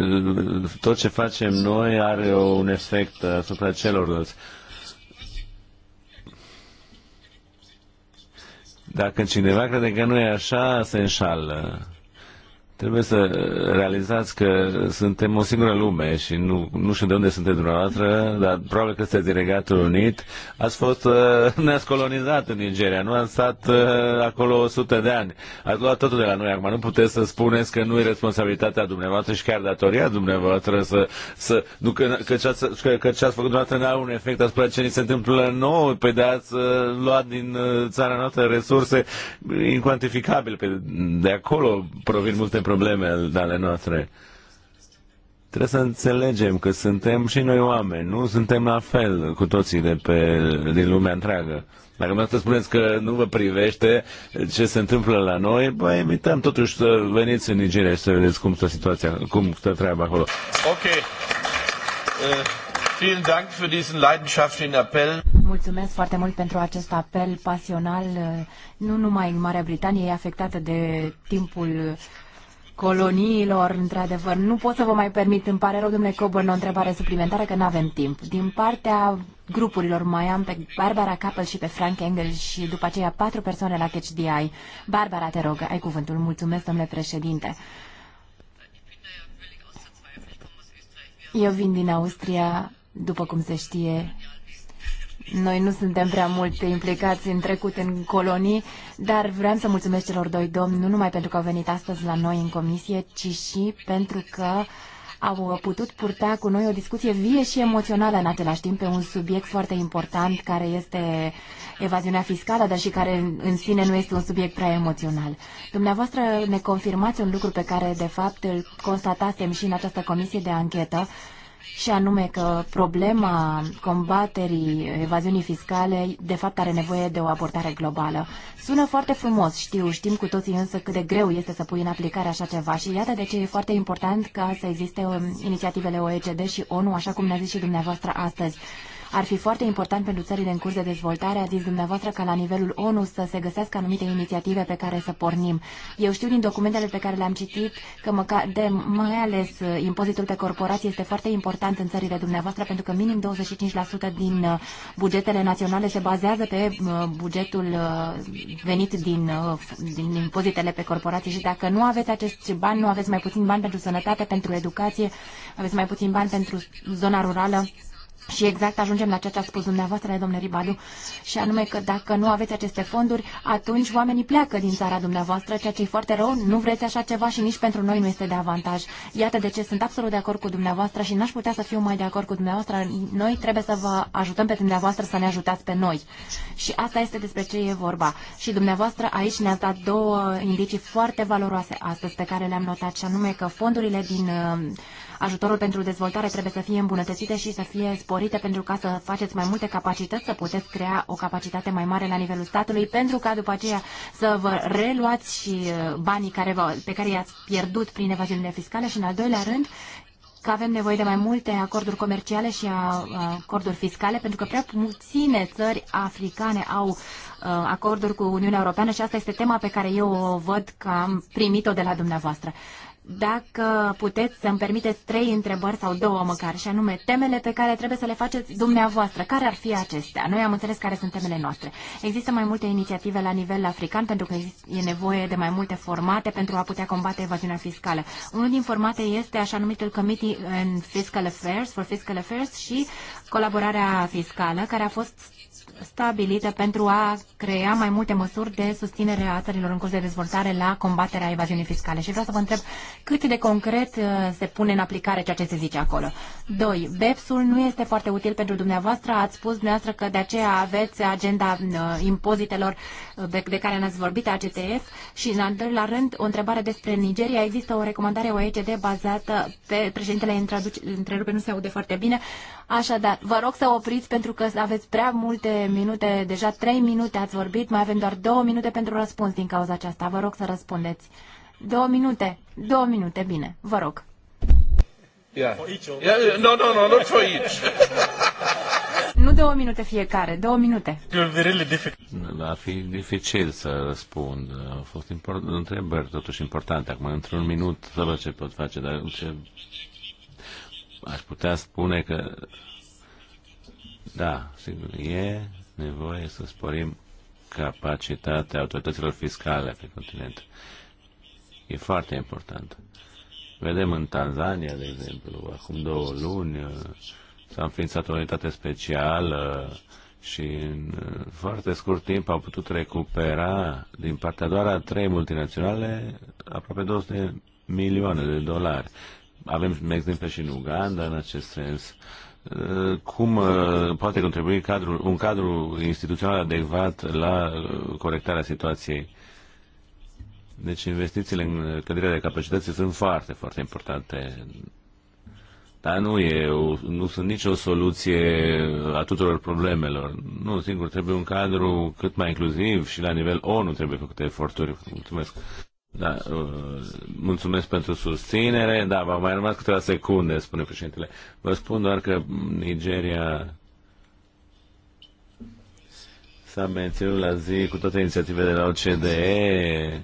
S3: tot ce facem noi are un efect asupra celorlalți. Dacă cineva crede că nu e așa, se înșală. Trebuie să realizați că suntem o singură lume și nu, nu știu de unde sunteți dumneavoastră, dar probabil că sunteți din Regatul Unit. Ați fost, uh, ne-ați colonizat în Nigeria, nu ați stat uh, acolo 100 de ani. Ați luat totul de la noi acum. Nu puteți să spuneți că nu e responsabilitatea dumneavoastră și chiar datoria dumneavoastră să, să nu, că, că, ce ați, că, că ce ați făcut dumneavoastră nu are un efect asupra ce ni se întâmplă nou. pe de ați uh, luat din țara noastră resurse incuantificabile. Pe de acolo provin multe probleme probleme ale noastre. Trebuie să înțelegem că suntem și noi oameni, nu suntem la fel cu toții de pe, din lumea întreagă. Dacă vreau să spuneți că nu vă privește ce se întâmplă la noi, vă invităm totuși să veniți în Nigeria și să vedeți cum stă situația, cum stă treaba acolo.
S1: Ok. Uh, vielen Dank für diesen leidenschaftlichen Appell.
S4: Mulțumesc foarte mult pentru acest apel pasional. Eh, nu numai în Marea Britanie e afectată de timpul coloniilor, într-adevăr. Nu pot să vă mai permit, îmi pare rău, domnule Coburn, o întrebare suplimentară, că nu avem timp. Din partea grupurilor mai am pe Barbara Capel și pe Frank Engel și după aceea patru persoane la HDI. Barbara, te rog, ai cuvântul. Mulțumesc, domnule președinte. Eu vin din Austria, după cum se știe, noi nu suntem prea mult implicați în trecut în colonii, dar vreau să mulțumesc celor doi domni, nu numai pentru că au venit astăzi la noi în comisie, ci și pentru că au putut purta cu noi o discuție vie și emoțională în același timp pe un subiect foarte important care este evaziunea fiscală, dar și care în sine nu este un subiect prea emoțional. Dumneavoastră ne confirmați un lucru pe care de fapt îl constatasem și în această comisie de anchetă, și anume că problema combaterii evaziunii fiscale de fapt are nevoie de o abordare globală. Sună foarte frumos, știu, știm cu toții însă cât de greu este să pui în aplicare așa ceva și iată de ce e foarte important ca să existe um, inițiativele OECD și ONU, așa cum ne-a zis și dumneavoastră astăzi ar fi foarte important pentru țările în curs de dezvoltare, a zis dumneavoastră că la nivelul ONU să se găsească anumite inițiative pe care să pornim. Eu știu din documentele pe care le-am citit că măcar de, mai ales uh, impozitul pe corporații este foarte important în țările dumneavoastră pentru că minim 25% din uh, bugetele naționale se bazează pe uh, bugetul venit din, din impozitele pe corporații și dacă nu aveți acești bani, nu aveți mai puțin bani pentru sănătate, pentru educație, aveți mai puțin bani pentru zona rurală, și exact ajungem la ceea ce a spus dumneavoastră, domnule Ribadu, și anume că dacă nu aveți aceste fonduri, atunci oamenii pleacă din țara dumneavoastră, ceea ce e foarte rău, nu vreți așa ceva și nici pentru noi nu este de avantaj. Iată de ce sunt absolut de acord cu dumneavoastră și n-aș putea să fiu mai de acord cu dumneavoastră. Noi trebuie să vă ajutăm pe dumneavoastră să ne ajutați pe noi. Și asta este despre ce e vorba. Și dumneavoastră aici ne a dat două indicii foarte valoroase astăzi pe care le-am notat, și anume că fondurile din uh, ajutorul pentru dezvoltare trebuie să fie îmbunătățite și să fie sporite pentru ca să faceți mai multe capacități, să puteți crea o capacitate mai mare la nivelul statului, pentru ca după aceea să vă reluați și uh, banii care vă pe care i-ați pierdut prin evaziunile fiscale și, în al doilea rând, că avem nevoie de mai multe acorduri comerciale și uh, acorduri fiscale, pentru că prea puține țări africane au uh, acorduri cu Uniunea Europeană și asta este tema pe care eu o văd că am primit-o de la dumneavoastră dacă puteți să-mi permiteți trei întrebări sau două măcar, și anume temele pe care trebuie să le faceți dumneavoastră. Care ar fi acestea? Noi am înțeles care sunt temele noastre. Există mai multe inițiative la nivel african pentru că e nevoie de mai multe formate pentru a putea combate evaziunea fiscală. Unul din formate este așa numitul Committee on Fiscal Affairs for Fiscal Affairs și colaborarea fiscală, care a fost stabilite pentru a crea mai multe măsuri de susținere a țărilor în curs de dezvoltare la combaterea evaziunii fiscale. Și vreau să vă întreb cât de concret uh, se pune în aplicare ceea ce se zice acolo. 2. BEPS-ul nu este foarte util pentru dumneavoastră. Ați spus dumneavoastră că de aceea aveți agenda uh, impozitelor uh, de care ne-ați vorbit, ACTF. Și în al doilea rând, o întrebare despre Nigeria. Există o recomandare OECD bazată pe președintele întrerupe, nu se aude foarte bine. Așadar, vă rog să opriți pentru că aveți prea multe minute, deja 3 minute ați vorbit, mai avem doar 2 minute pentru răspuns din cauza aceasta. Vă rog să răspundeți. 2 minute, 2 minute, bine, vă rog.
S1: Yeah. Yeah, no, no, no, not for
S3: each.
S4: nu două minute fiecare, două minute.
S3: Ar fi dificil să răspund. Au fost import- întrebări totuși importante. Acum, într-un minut, să văd ce pot face, dar ce... aș putea spune că da, sigur, e nevoie să sporim capacitatea autorităților fiscale pe continent. E foarte important. Vedem în Tanzania, de exemplu, acum două luni uh, s-a înființat o unitate specială și în uh, foarte scurt timp au putut recupera din partea doar a trei multinaționale aproape 200 milioane de dolari. Avem exemple și în Uganda în acest sens. Uh, Eh, cum eh, poate contribui cadrul, un cadru instituțional adecvat la eh, corectarea situației. Deci investițiile în căderea de capacități sunt foarte, foarte importante. Dar nu, e, nu sunt nicio soluție a tuturor problemelor. Nu, singur, trebuie un cadru cât mai inclusiv și la nivel ONU trebuie făcute eforturi. Mulțumesc. Da, uh, mulțumesc pentru susținere. Da, v-au mai rămas câteva secunde, spune președintele. Vă spun doar că Nigeria s-a menținut la zi cu toate inițiativele de la OCDE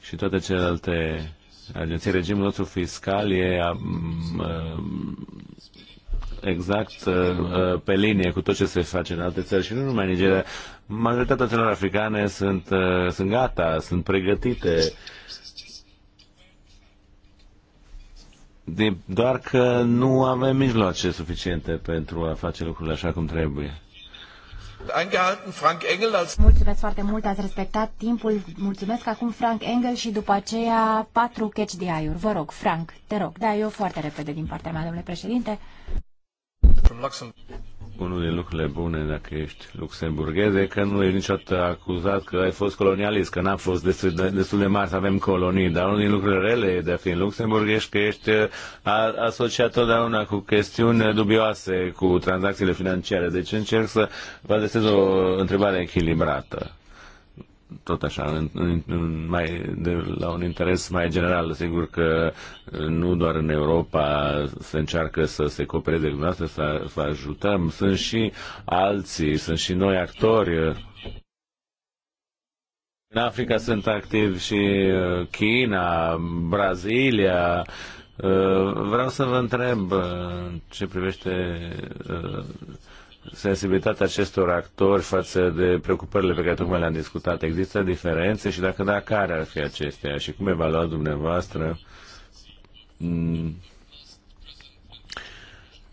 S3: și toate celelalte agenții. Regimul nostru fiscal e uh, exact uh, uh, pe linie cu tot ce se face în alte țări și nu numai Nigeria. Majoritatea țărilor africane sunt, uh, sunt gata, sunt pregătite. De, doar că nu avem mijloace suficiente pentru a face lucrurile așa cum trebuie.
S4: Mulțumesc foarte mult, ați respectat timpul. Mulțumesc acum Frank Engel și după aceea patru catch de aiuri. Vă rog, Frank, te rog. Da, eu foarte repede din partea mea, domnule președinte.
S3: Unul din lucrurile bune dacă ești luxemburghez e că nu e niciodată acuzat că ai fost colonialist, că n-a fost destul de, destul de mari să avem colonii, dar unul din lucrurile rele de a fi în Luxemburg ești că ești asociat totdeauna cu chestiuni dubioase, cu tranzacțiile financiare. Deci încerc să vă adresez o întrebare echilibrată tot așa, în, în, în mai, de, la un interes mai general. Sigur că uh, nu doar în Europa se încearcă să se coopereze cu noastră, să, să ajutăm. Sunt și alții, sunt și noi actori. În Africa sunt activi și uh, China, Brazilia. Uh, vreau să vă întreb ce privește sensibilitatea acestor actori față de preocupările pe care tocmai le-am discutat? Există diferențe și dacă da, care ar fi acestea și cum evaluați dumneavoastră mm,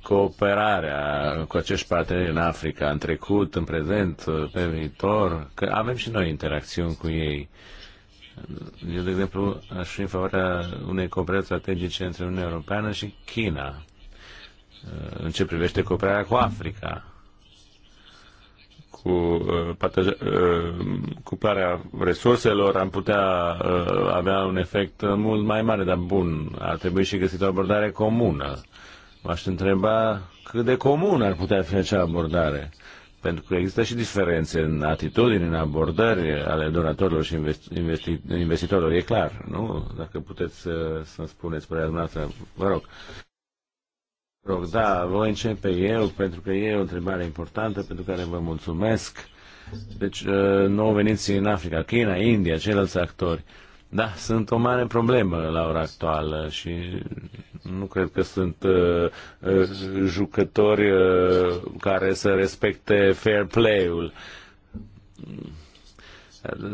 S3: cooperarea cu acești parteneri în Africa, în trecut, în prezent, pe viitor, că avem și noi interacțiuni cu ei. Eu, de exemplu, aș fi în favoarea unei cooperări strategice între Uniunea Europeană și China, uh, în ce privește cooperarea cu Africa cu uh, uh, cuplarea resurselor am putea uh, avea un efect mult mai mare, dar bun, ar trebui și găsit o abordare comună. M-aș întreba cât de comun ar putea fi acea abordare. Pentru că există și diferențe în atitudini, în abordări ale donatorilor și investi- investitorilor, e clar, nu? Dacă puteți să-mi spuneți părerea dumneavoastră, vă rog. Rog, da, voi începe eu, pentru că e o întrebare importantă, pentru care vă mulțumesc. Deci, uh, nou veniți în Africa, China, India, ceilalți actori. Da, sunt o mare problemă la ora actuală și nu cred că sunt uh, uh, jucători care să respecte fair play-ul.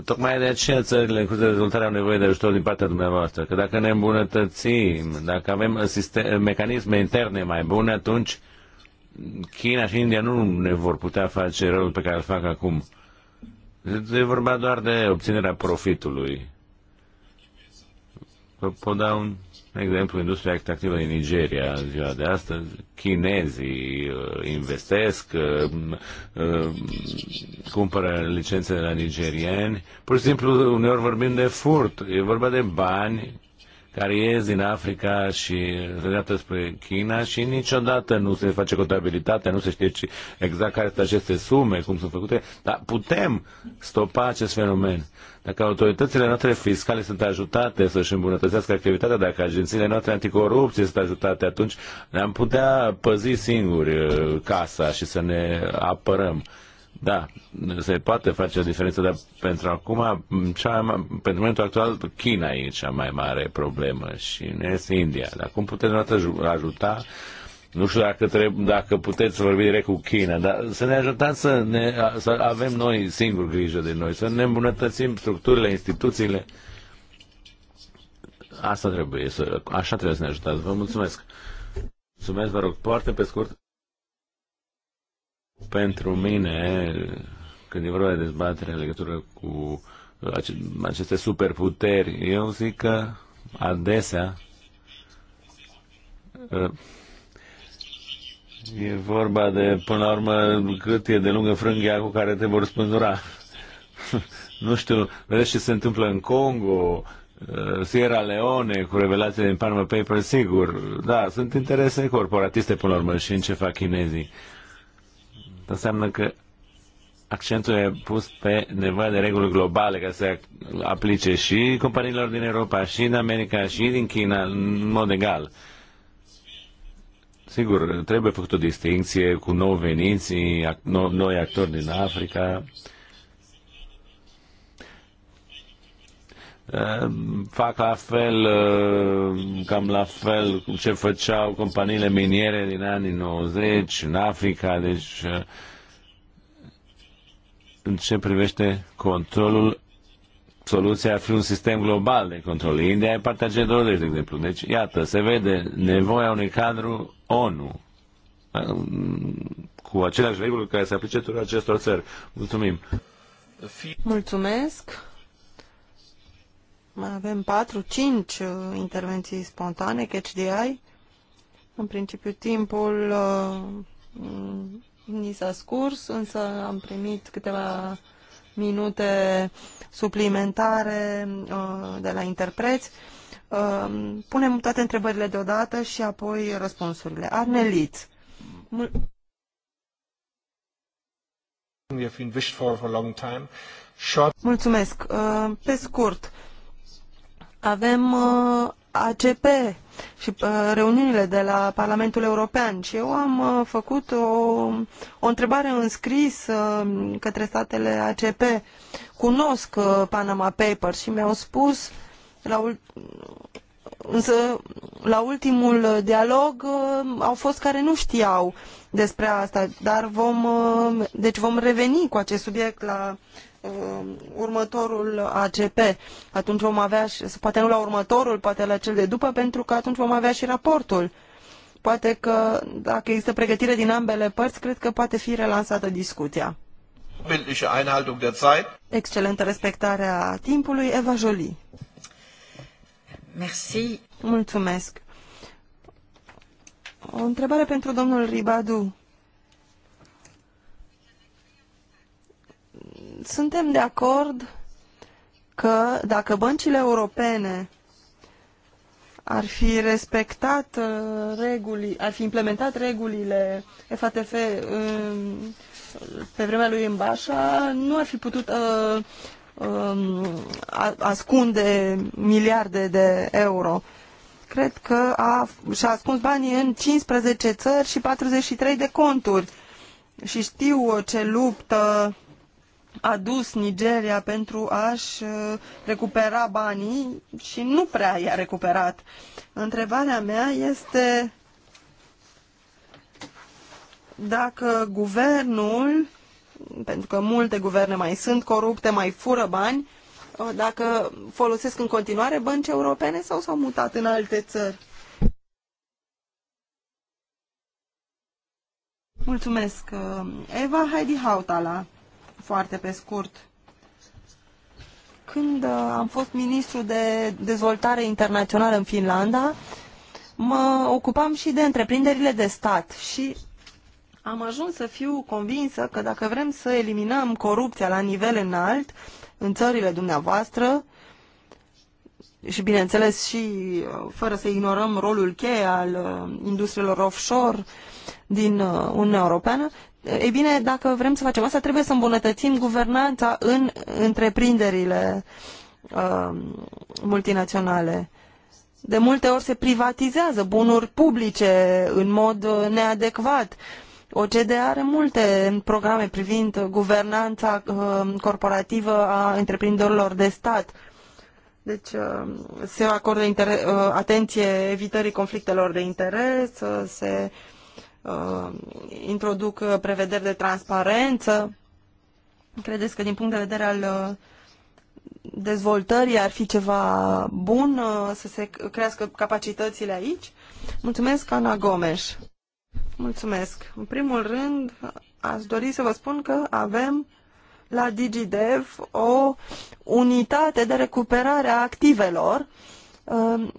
S3: Tocmai de aceea țările în curs de dezvoltare au nevoie de ajutor din partea dumneavoastră, că dacă ne îmbunătățim, dacă avem mecanisme interne mai bune, atunci China și India nu ne vor putea face răul pe care îl fac acum. E vorba doar de obținerea profitului. Vă pot da un de exemplu, industria extractivă din Nigeria, în ziua de astăzi, chinezii uh, investesc, uh, uh, cumpără licențe de la nigerieni. Pur și simplu, uneori vorbim de furt, e vorba de bani care ies din Africa și se dreaptă spre China și niciodată nu se face contabilitatea, nu se știe ce, exact care sunt aceste sume, cum sunt făcute, dar putem stopa acest fenomen. Dacă autoritățile noastre fiscale sunt ajutate să-și îmbunătățească activitatea, dacă agențiile noastre anticorupție sunt ajutate, atunci ne-am putea păzi singuri uh, casa și să ne apărăm. Da, se poate face o diferență, dar pentru acum, cea, pentru momentul actual, China e cea mai mare problemă și nu este India. Dar cum puteți noastră ajuta? Nu știu dacă, trebuie, dacă puteți să vorbi direct cu China, dar să ne ajutați să, ne, să avem noi singur grijă de noi, să ne îmbunătățim structurile, instituțiile. Asta trebuie să, așa trebuie să ne ajutați. Vă mulțumesc. Mulțumesc, vă rog, foarte pe scurt. Pentru mine, când e vorba de dezbatere în legătură cu uh, aceste superputeri, eu zic că adesea uh, e vorba de, până la urmă, cât e de lungă frânghia cu care te vor spânzura. nu știu, vedeți ce se întâmplă în Congo, uh, Sierra Leone, cu revelația din Panama Papers, sigur, da, sunt interese corporatiste până la urmă și în ce fac chinezii înseamnă că accentul e pus pe nevoia de reguli globale care se aplice și companiilor din Europa, și în America, și din China, în mod egal. Sigur, trebuie făcut o distinție cu nou veniți, noi actori din Africa, Eh, fac la fel, eh, cam la fel cum ce făceau companiile miniere din anii 90 în Africa, deci eh, în ce privește controlul, soluția ar fi un sistem global de control. India e partea G20, de exemplu. Deci, iată, se vede nevoia unui cadru ONU cu aceleași reguli care se aplice tuturor acestor țări. Mulțumim!
S2: Mulțumesc! Mai avem 4-5 uh, intervenții spontane, catch the eye. În principiu, timpul uh, ni s-a scurs, însă am primit câteva minute suplimentare uh, de la interpreți. Punem toate întrebările deodată și apoi răspunsurile. Arnelit. Mul- Mulțumesc. Pe
S1: scurt, avem uh,
S2: ACP și uh, reuniunile de la Parlamentul European și eu am uh, făcut o, o întrebare în scris către statele ACP. Cunosc Panama Papers și mi-au spus la Însă, la ultimul dialog uh, au fost care nu știau despre asta, dar vom, uh, deci vom reveni cu acest subiect la uh, următorul ACP. Atunci vom avea, și, poate nu la următorul, poate la cel de după, pentru că atunci vom avea și raportul. Poate că dacă există pregătire din ambele părți, cred că poate fi relansată discuția. Excelentă respectarea timpului, Eva Jolie. Merci. Mulțumesc. O întrebare pentru domnul Ribadu. Suntem de acord că dacă băncile europene ar fi respectat uh, reguli, ar fi implementat regulile FATF um, pe vremea lui Îmbașa, nu ar fi putut uh, Um, ascunde miliarde de euro. Cred că a, și-a ascuns banii în 15 țări și 43 de conturi. Și știu ce luptă a dus Nigeria pentru a-și uh, recupera banii și nu prea i-a recuperat. Întrebarea mea este dacă guvernul pentru că multe guverne mai sunt corupte, mai fură bani, uh, dacă folosesc în continuare bănci europene sau s-au mutat în alte țări. Mulțumesc, uh, Eva Heidi Hautala, foarte pe scurt. Când uh, am fost ministru de dezvoltare internațională în Finlanda, mă ocupam și de întreprinderile de stat și am ajuns să fiu convinsă că dacă vrem să eliminăm corupția la nivel înalt în țările dumneavoastră, și bineînțeles și uh, fără să ignorăm rolul cheie al uh, industriilor offshore din uh, Uniunea Europeană, ei bine, dacă vrem să facem asta, trebuie să îmbunătățim guvernanța în întreprinderile multinaționale. De multe ori se privatizează bunuri publice în mod neadecvat. Uh, OCDE are multe programe privind guvernanța uh, corporativă a întreprinderilor de stat. Deci uh, se acordă inter- uh, atenție evitării conflictelor de interes, se introduc prevederi de transparență. Credeți că din punct de vedere al dezvoltării ar fi ceva bun să se crească capacitățile aici? Mulțumesc, Ana Gomes. Mulțumesc. În primul rând, aș dori să vă spun că avem la DigiDev o unitate de recuperare a activelor. Um,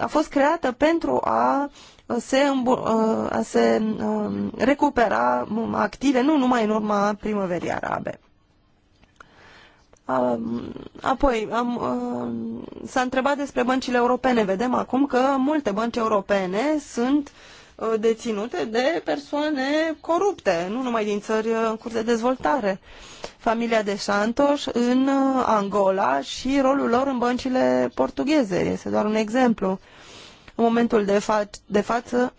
S2: a fost creată pentru a se, uh, a se um, recupera active, nu numai în urma primăverii arabe. Um, apoi, s-a întrebat despre băncile europene. Vedem acum că multe bănci europene sunt uh, Uh, deținute de persoane corupte, nu numai din țări uh, în curs de dezvoltare. Familia de Santos în uh, Angola și rolul lor în băncile portugheze. Este doar un exemplu. În momentul de, fa- de față,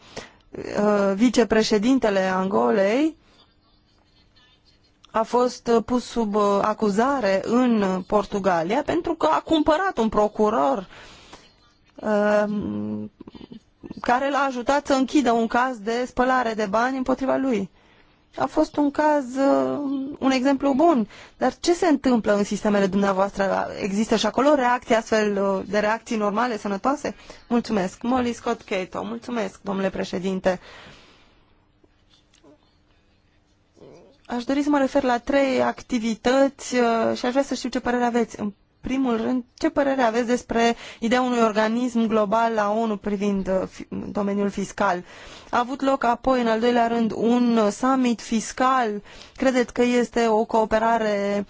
S2: vicepreședintele Angolei a fost pus sub acuzare în Portugalia pentru că a cumpărat un procuror care l-a ajutat să închidă un caz de spălare de bani împotriva lui. A fost un caz, uh, un exemplu bun. Dar ce se întâmplă în sistemele dumneavoastră? Există și acolo reacții astfel uh, de reacții normale, sănătoase? Mulțumesc. Molly Scott Cato. Mulțumesc, domnule președinte. Aș dori să mă refer la trei activități uh, și aș vrea să știu ce părere aveți primul rând, ce părere aveți despre ideea unui organism global la ONU privind uh, domeniul fiscal? A avut loc apoi, în al doilea rând, un summit fiscal. Credeți că este o cooperare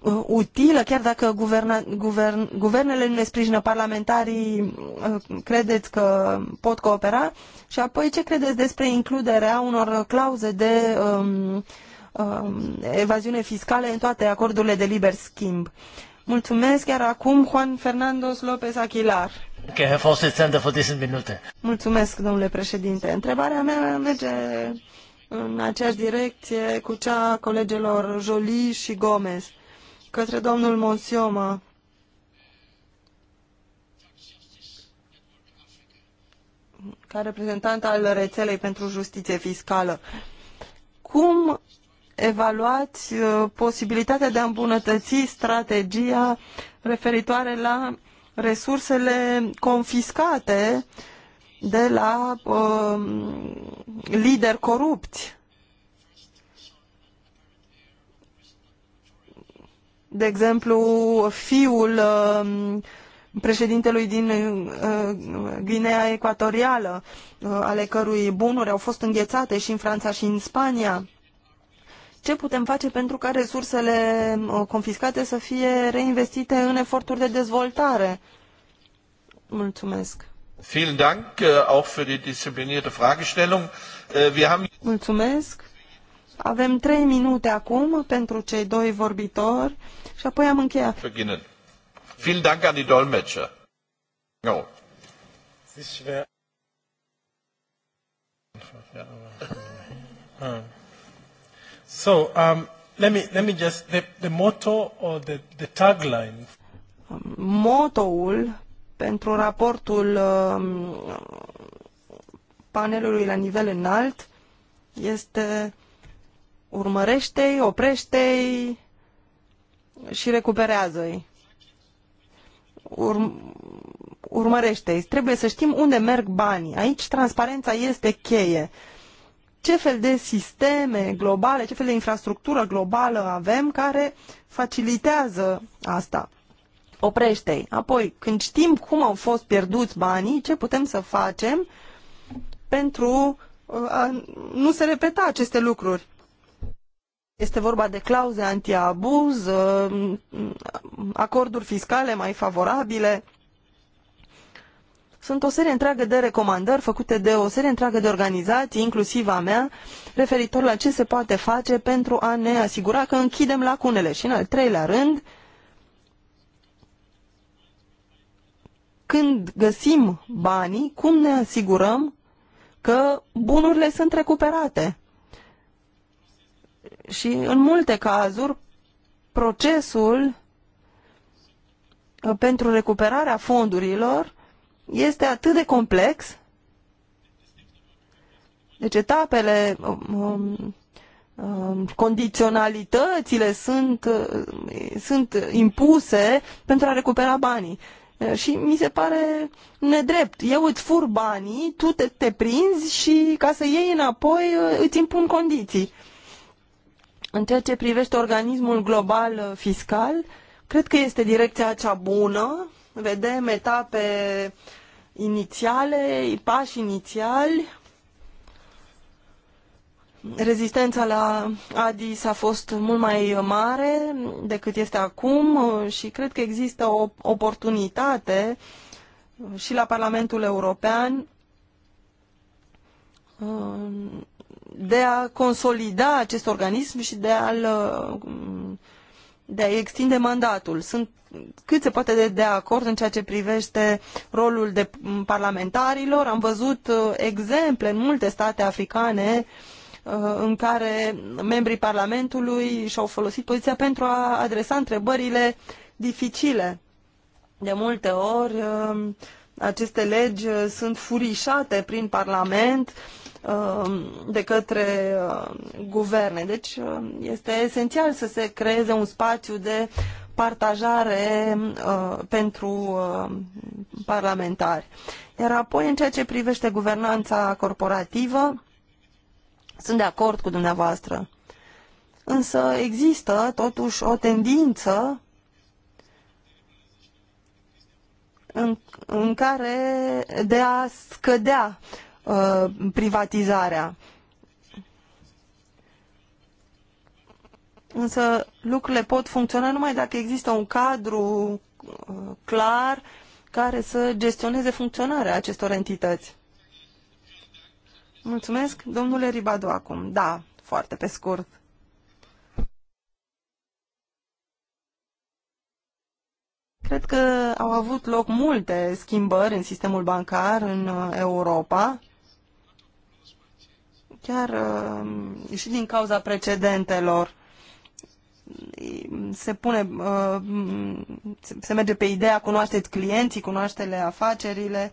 S2: uh, utilă, chiar dacă guverna, guvern, guvernele nu ne sprijină parlamentarii, uh, credeți că pot coopera? Și apoi, ce credeți despre includerea unor clauze de um, Um, evaziune fiscală în toate acordurile de liber schimb. Mulțumesc chiar acum Juan Fernando López Aguilar. Mulțumesc, domnule președinte. Întrebarea mea merge în aceeași direcție cu cea a colegelor Jolie și Gomez, către domnul Monsioma. ca reprezentant al rețelei pentru justiție fiscală. Cum evaluați uh, posibilitatea de a îmbunătăți strategia referitoare la resursele confiscate de la uh, lideri corupți. De exemplu, fiul uh, președintelui din uh, Guinea Ecuatorială, uh, ale cărui bunuri au fost înghețate și în Franța și în Spania ce putem face pentru ca resursele uh, confiscate să fie reinvestite în eforturi de dezvoltare. Mulțumesc.
S1: Vielen Dank uh, auch für die Fragestellung. Uh, wir haben
S2: Mulțumesc. Avem trei minute acum pentru cei doi vorbitori și apoi am încheiat.
S1: Beginnen. Vielen Dank an die Dolmetscher. No. Ist schwer. Ja, aber... ah. So, um, let me, let me just, the, the motto or the, the tagline.
S2: Motoul pentru raportul um, panelului la nivel înalt este urmărește-i, oprește-i și recuperează-i. Urm urmărește-i. Trebuie să știm unde merg banii. Aici transparența este cheie. Uh, ce fel de sisteme globale, ce fel de infrastructură globală avem care facilitează asta. Oprește-i. Apoi, când știm cum au fost pierduți banii, ce putem să facem pentru uh, a nu se repeta aceste lucruri. Este vorba de clauze antiabuz, uh, acorduri fiscale mai favorabile sunt o serie întreagă de recomandări făcute de o serie întreagă de organizații, inclusiv a mea, referitor la ce se poate face pentru a ne asigura că închidem lacunele. Și în al treilea rând, când găsim banii, cum ne asigurăm că bunurile sunt recuperate? Și în multe cazuri, procesul uh, pentru recuperarea fondurilor este atât de complex. Deci etapele, um, um, um, condiționalitățile sunt, uh, sunt impuse pentru a recupera banii. Uh, și mi se pare nedrept. Eu îți fur banii, tu te, te prinzi și ca să iei înapoi uh, îți impun condiții. În ceea ce privește organismul global uh, fiscal, cred că este direcția cea bună vedem etape inițiale, pași inițiali. Rezistența la Adis a fost mult mai mare decât este acum și cred că există o oportunitate și la Parlamentul European uh, de a consolida acest organism și de a-l uh, de a extinde mandatul. Sunt cât se poate de, de acord în ceea ce privește rolul de parlamentarilor. Am văzut uh, exemple în multe state africane uh, în care membrii Parlamentului și-au folosit poziția pentru a adresa întrebările dificile. De multe ori uh, aceste legi sunt furișate prin Parlament Um, de către uh, guverne. Deci uh, este esențial să se creeze un spațiu de partajare uh, pentru parlamentari. Iar apoi, în ceea ce privește guvernanța corporativă, sunt de acord cu dumneavoastră. Însă există totuși o tendință în, în care de a scădea Uh, privatizarea. Însă lucrurile pot funcționa numai dacă există un cadru uh, clar care să gestioneze funcționarea acestor entități. Mulțumesc, domnule Ribadu, acum. Da, foarte pe scurt. Cred că au avut loc multe schimbări în sistemul bancar în uh, Europa chiar uh, și din cauza precedentelor se pune, uh, se merge pe ideea cunoașteți clienții, cunoașteți afacerile,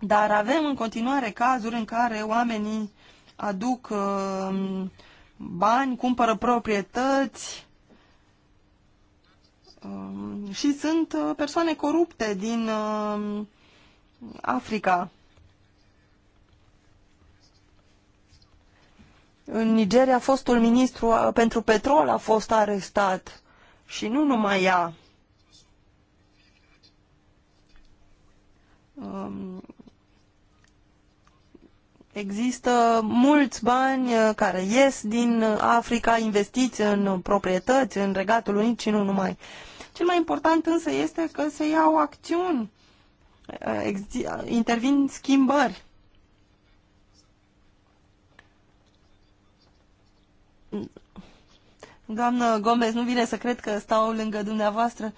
S2: dar avem în continuare cazuri în care oamenii aduc uh, bani, cumpără proprietăți și sunt persoane corupte din Africa. În Nigeria, fostul ministru pentru petrol a fost arestat și nu numai ea. Um, există mulți bani uh, care ies din Africa, investiți în proprietăți, în Regatul Unit și nu numai. Cel mai important însă este că se iau acțiuni, uh, intervin schimbări. Doamnă Gomez, nu vine să cred că stau lângă dumneavoastră.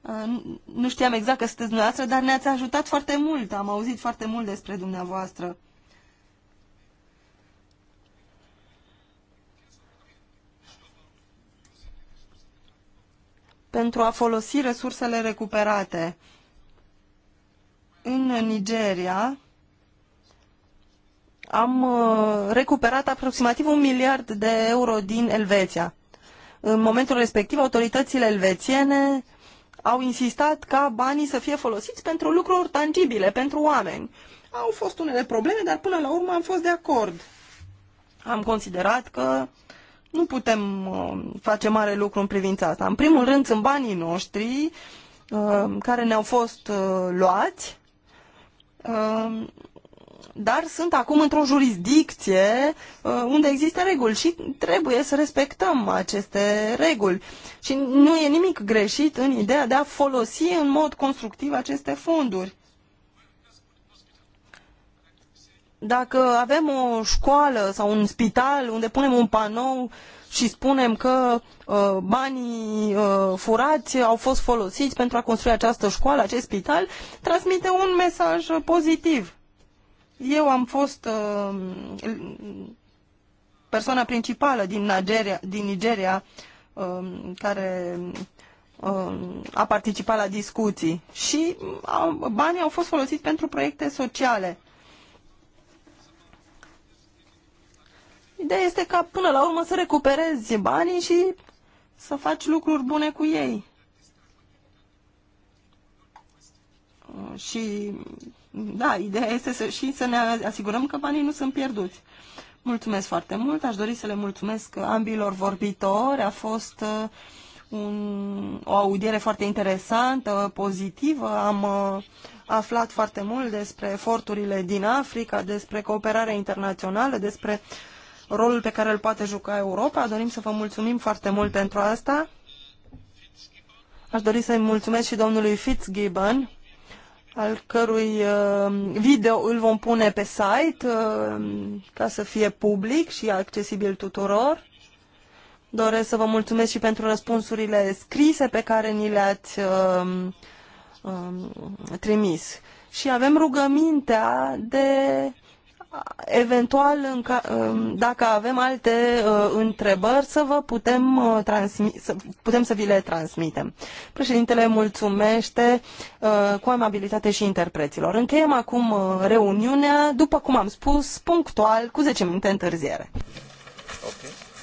S2: Uh, nu știam exact că sunteți dumneavoastră, dar ne-ați ajutat foarte mult. Am auzit foarte mult despre dumneavoastră. pentru a folosi resursele recuperate. În Nigeria, am uh, recuperat aproximativ un miliard de euro din Elveția. În momentul respectiv, autoritățile elvețiene au insistat ca banii să fie folosiți pentru lucruri tangibile, pentru oameni. Au fost unele probleme, dar până la urmă am fost de acord. Am considerat că nu putem uh, face mare lucru în privința asta. În primul rând sunt banii noștri uh, care ne-au fost luați dar sunt acum într-o jurisdicție uh, unde există reguli și trebuie să respectăm aceste reguli. Și nu e nimic greșit în ideea de a folosi în mod constructiv aceste fonduri. Dacă avem o școală sau un spital unde punem un panou și spunem că uh, banii uh, furați au fost folosiți pentru a construi această școală, acest spital, transmite un mesaj pozitiv eu am fost uh, persoana principală din Nigeria, din Nigeria uh, care uh, a participat la discuții și uh, banii au fost folosiți pentru proiecte sociale. Ideea este ca până la urmă să recuperezi banii și să faci lucruri bune cu ei. Uh, și da, ideea este să, și să ne asigurăm că banii nu sunt pierduți. Mulțumesc foarte mult, aș dori să le mulțumesc ambilor vorbitori, a fost uh, un, o audiere foarte interesantă, pozitivă, am uh, aflat foarte mult despre eforturile din Africa, despre cooperarea internațională, despre rolul pe care îl poate juca Europa. Dorim să vă mulțumim foarte mult pentru asta. Aș dori să-i mulțumesc și domnului Fitzgibbon al cărui uh, video îl vom pune pe site uh, ca să fie public și accesibil tuturor. Doresc să vă mulțumesc și pentru răspunsurile scrise pe care ni le-ați uh, um, trimis. Și avem rugămintea de eventual, în ca, um, dacă avem alte uh, întrebări, să vă putem, uh, transmi, să, putem să vi le transmitem. Președintele mulțumește uh, cu amabilitate și interpreților. Încheiem acum reuniunea, după cum am spus, punctual, cu 10 minute întârziere. Okay.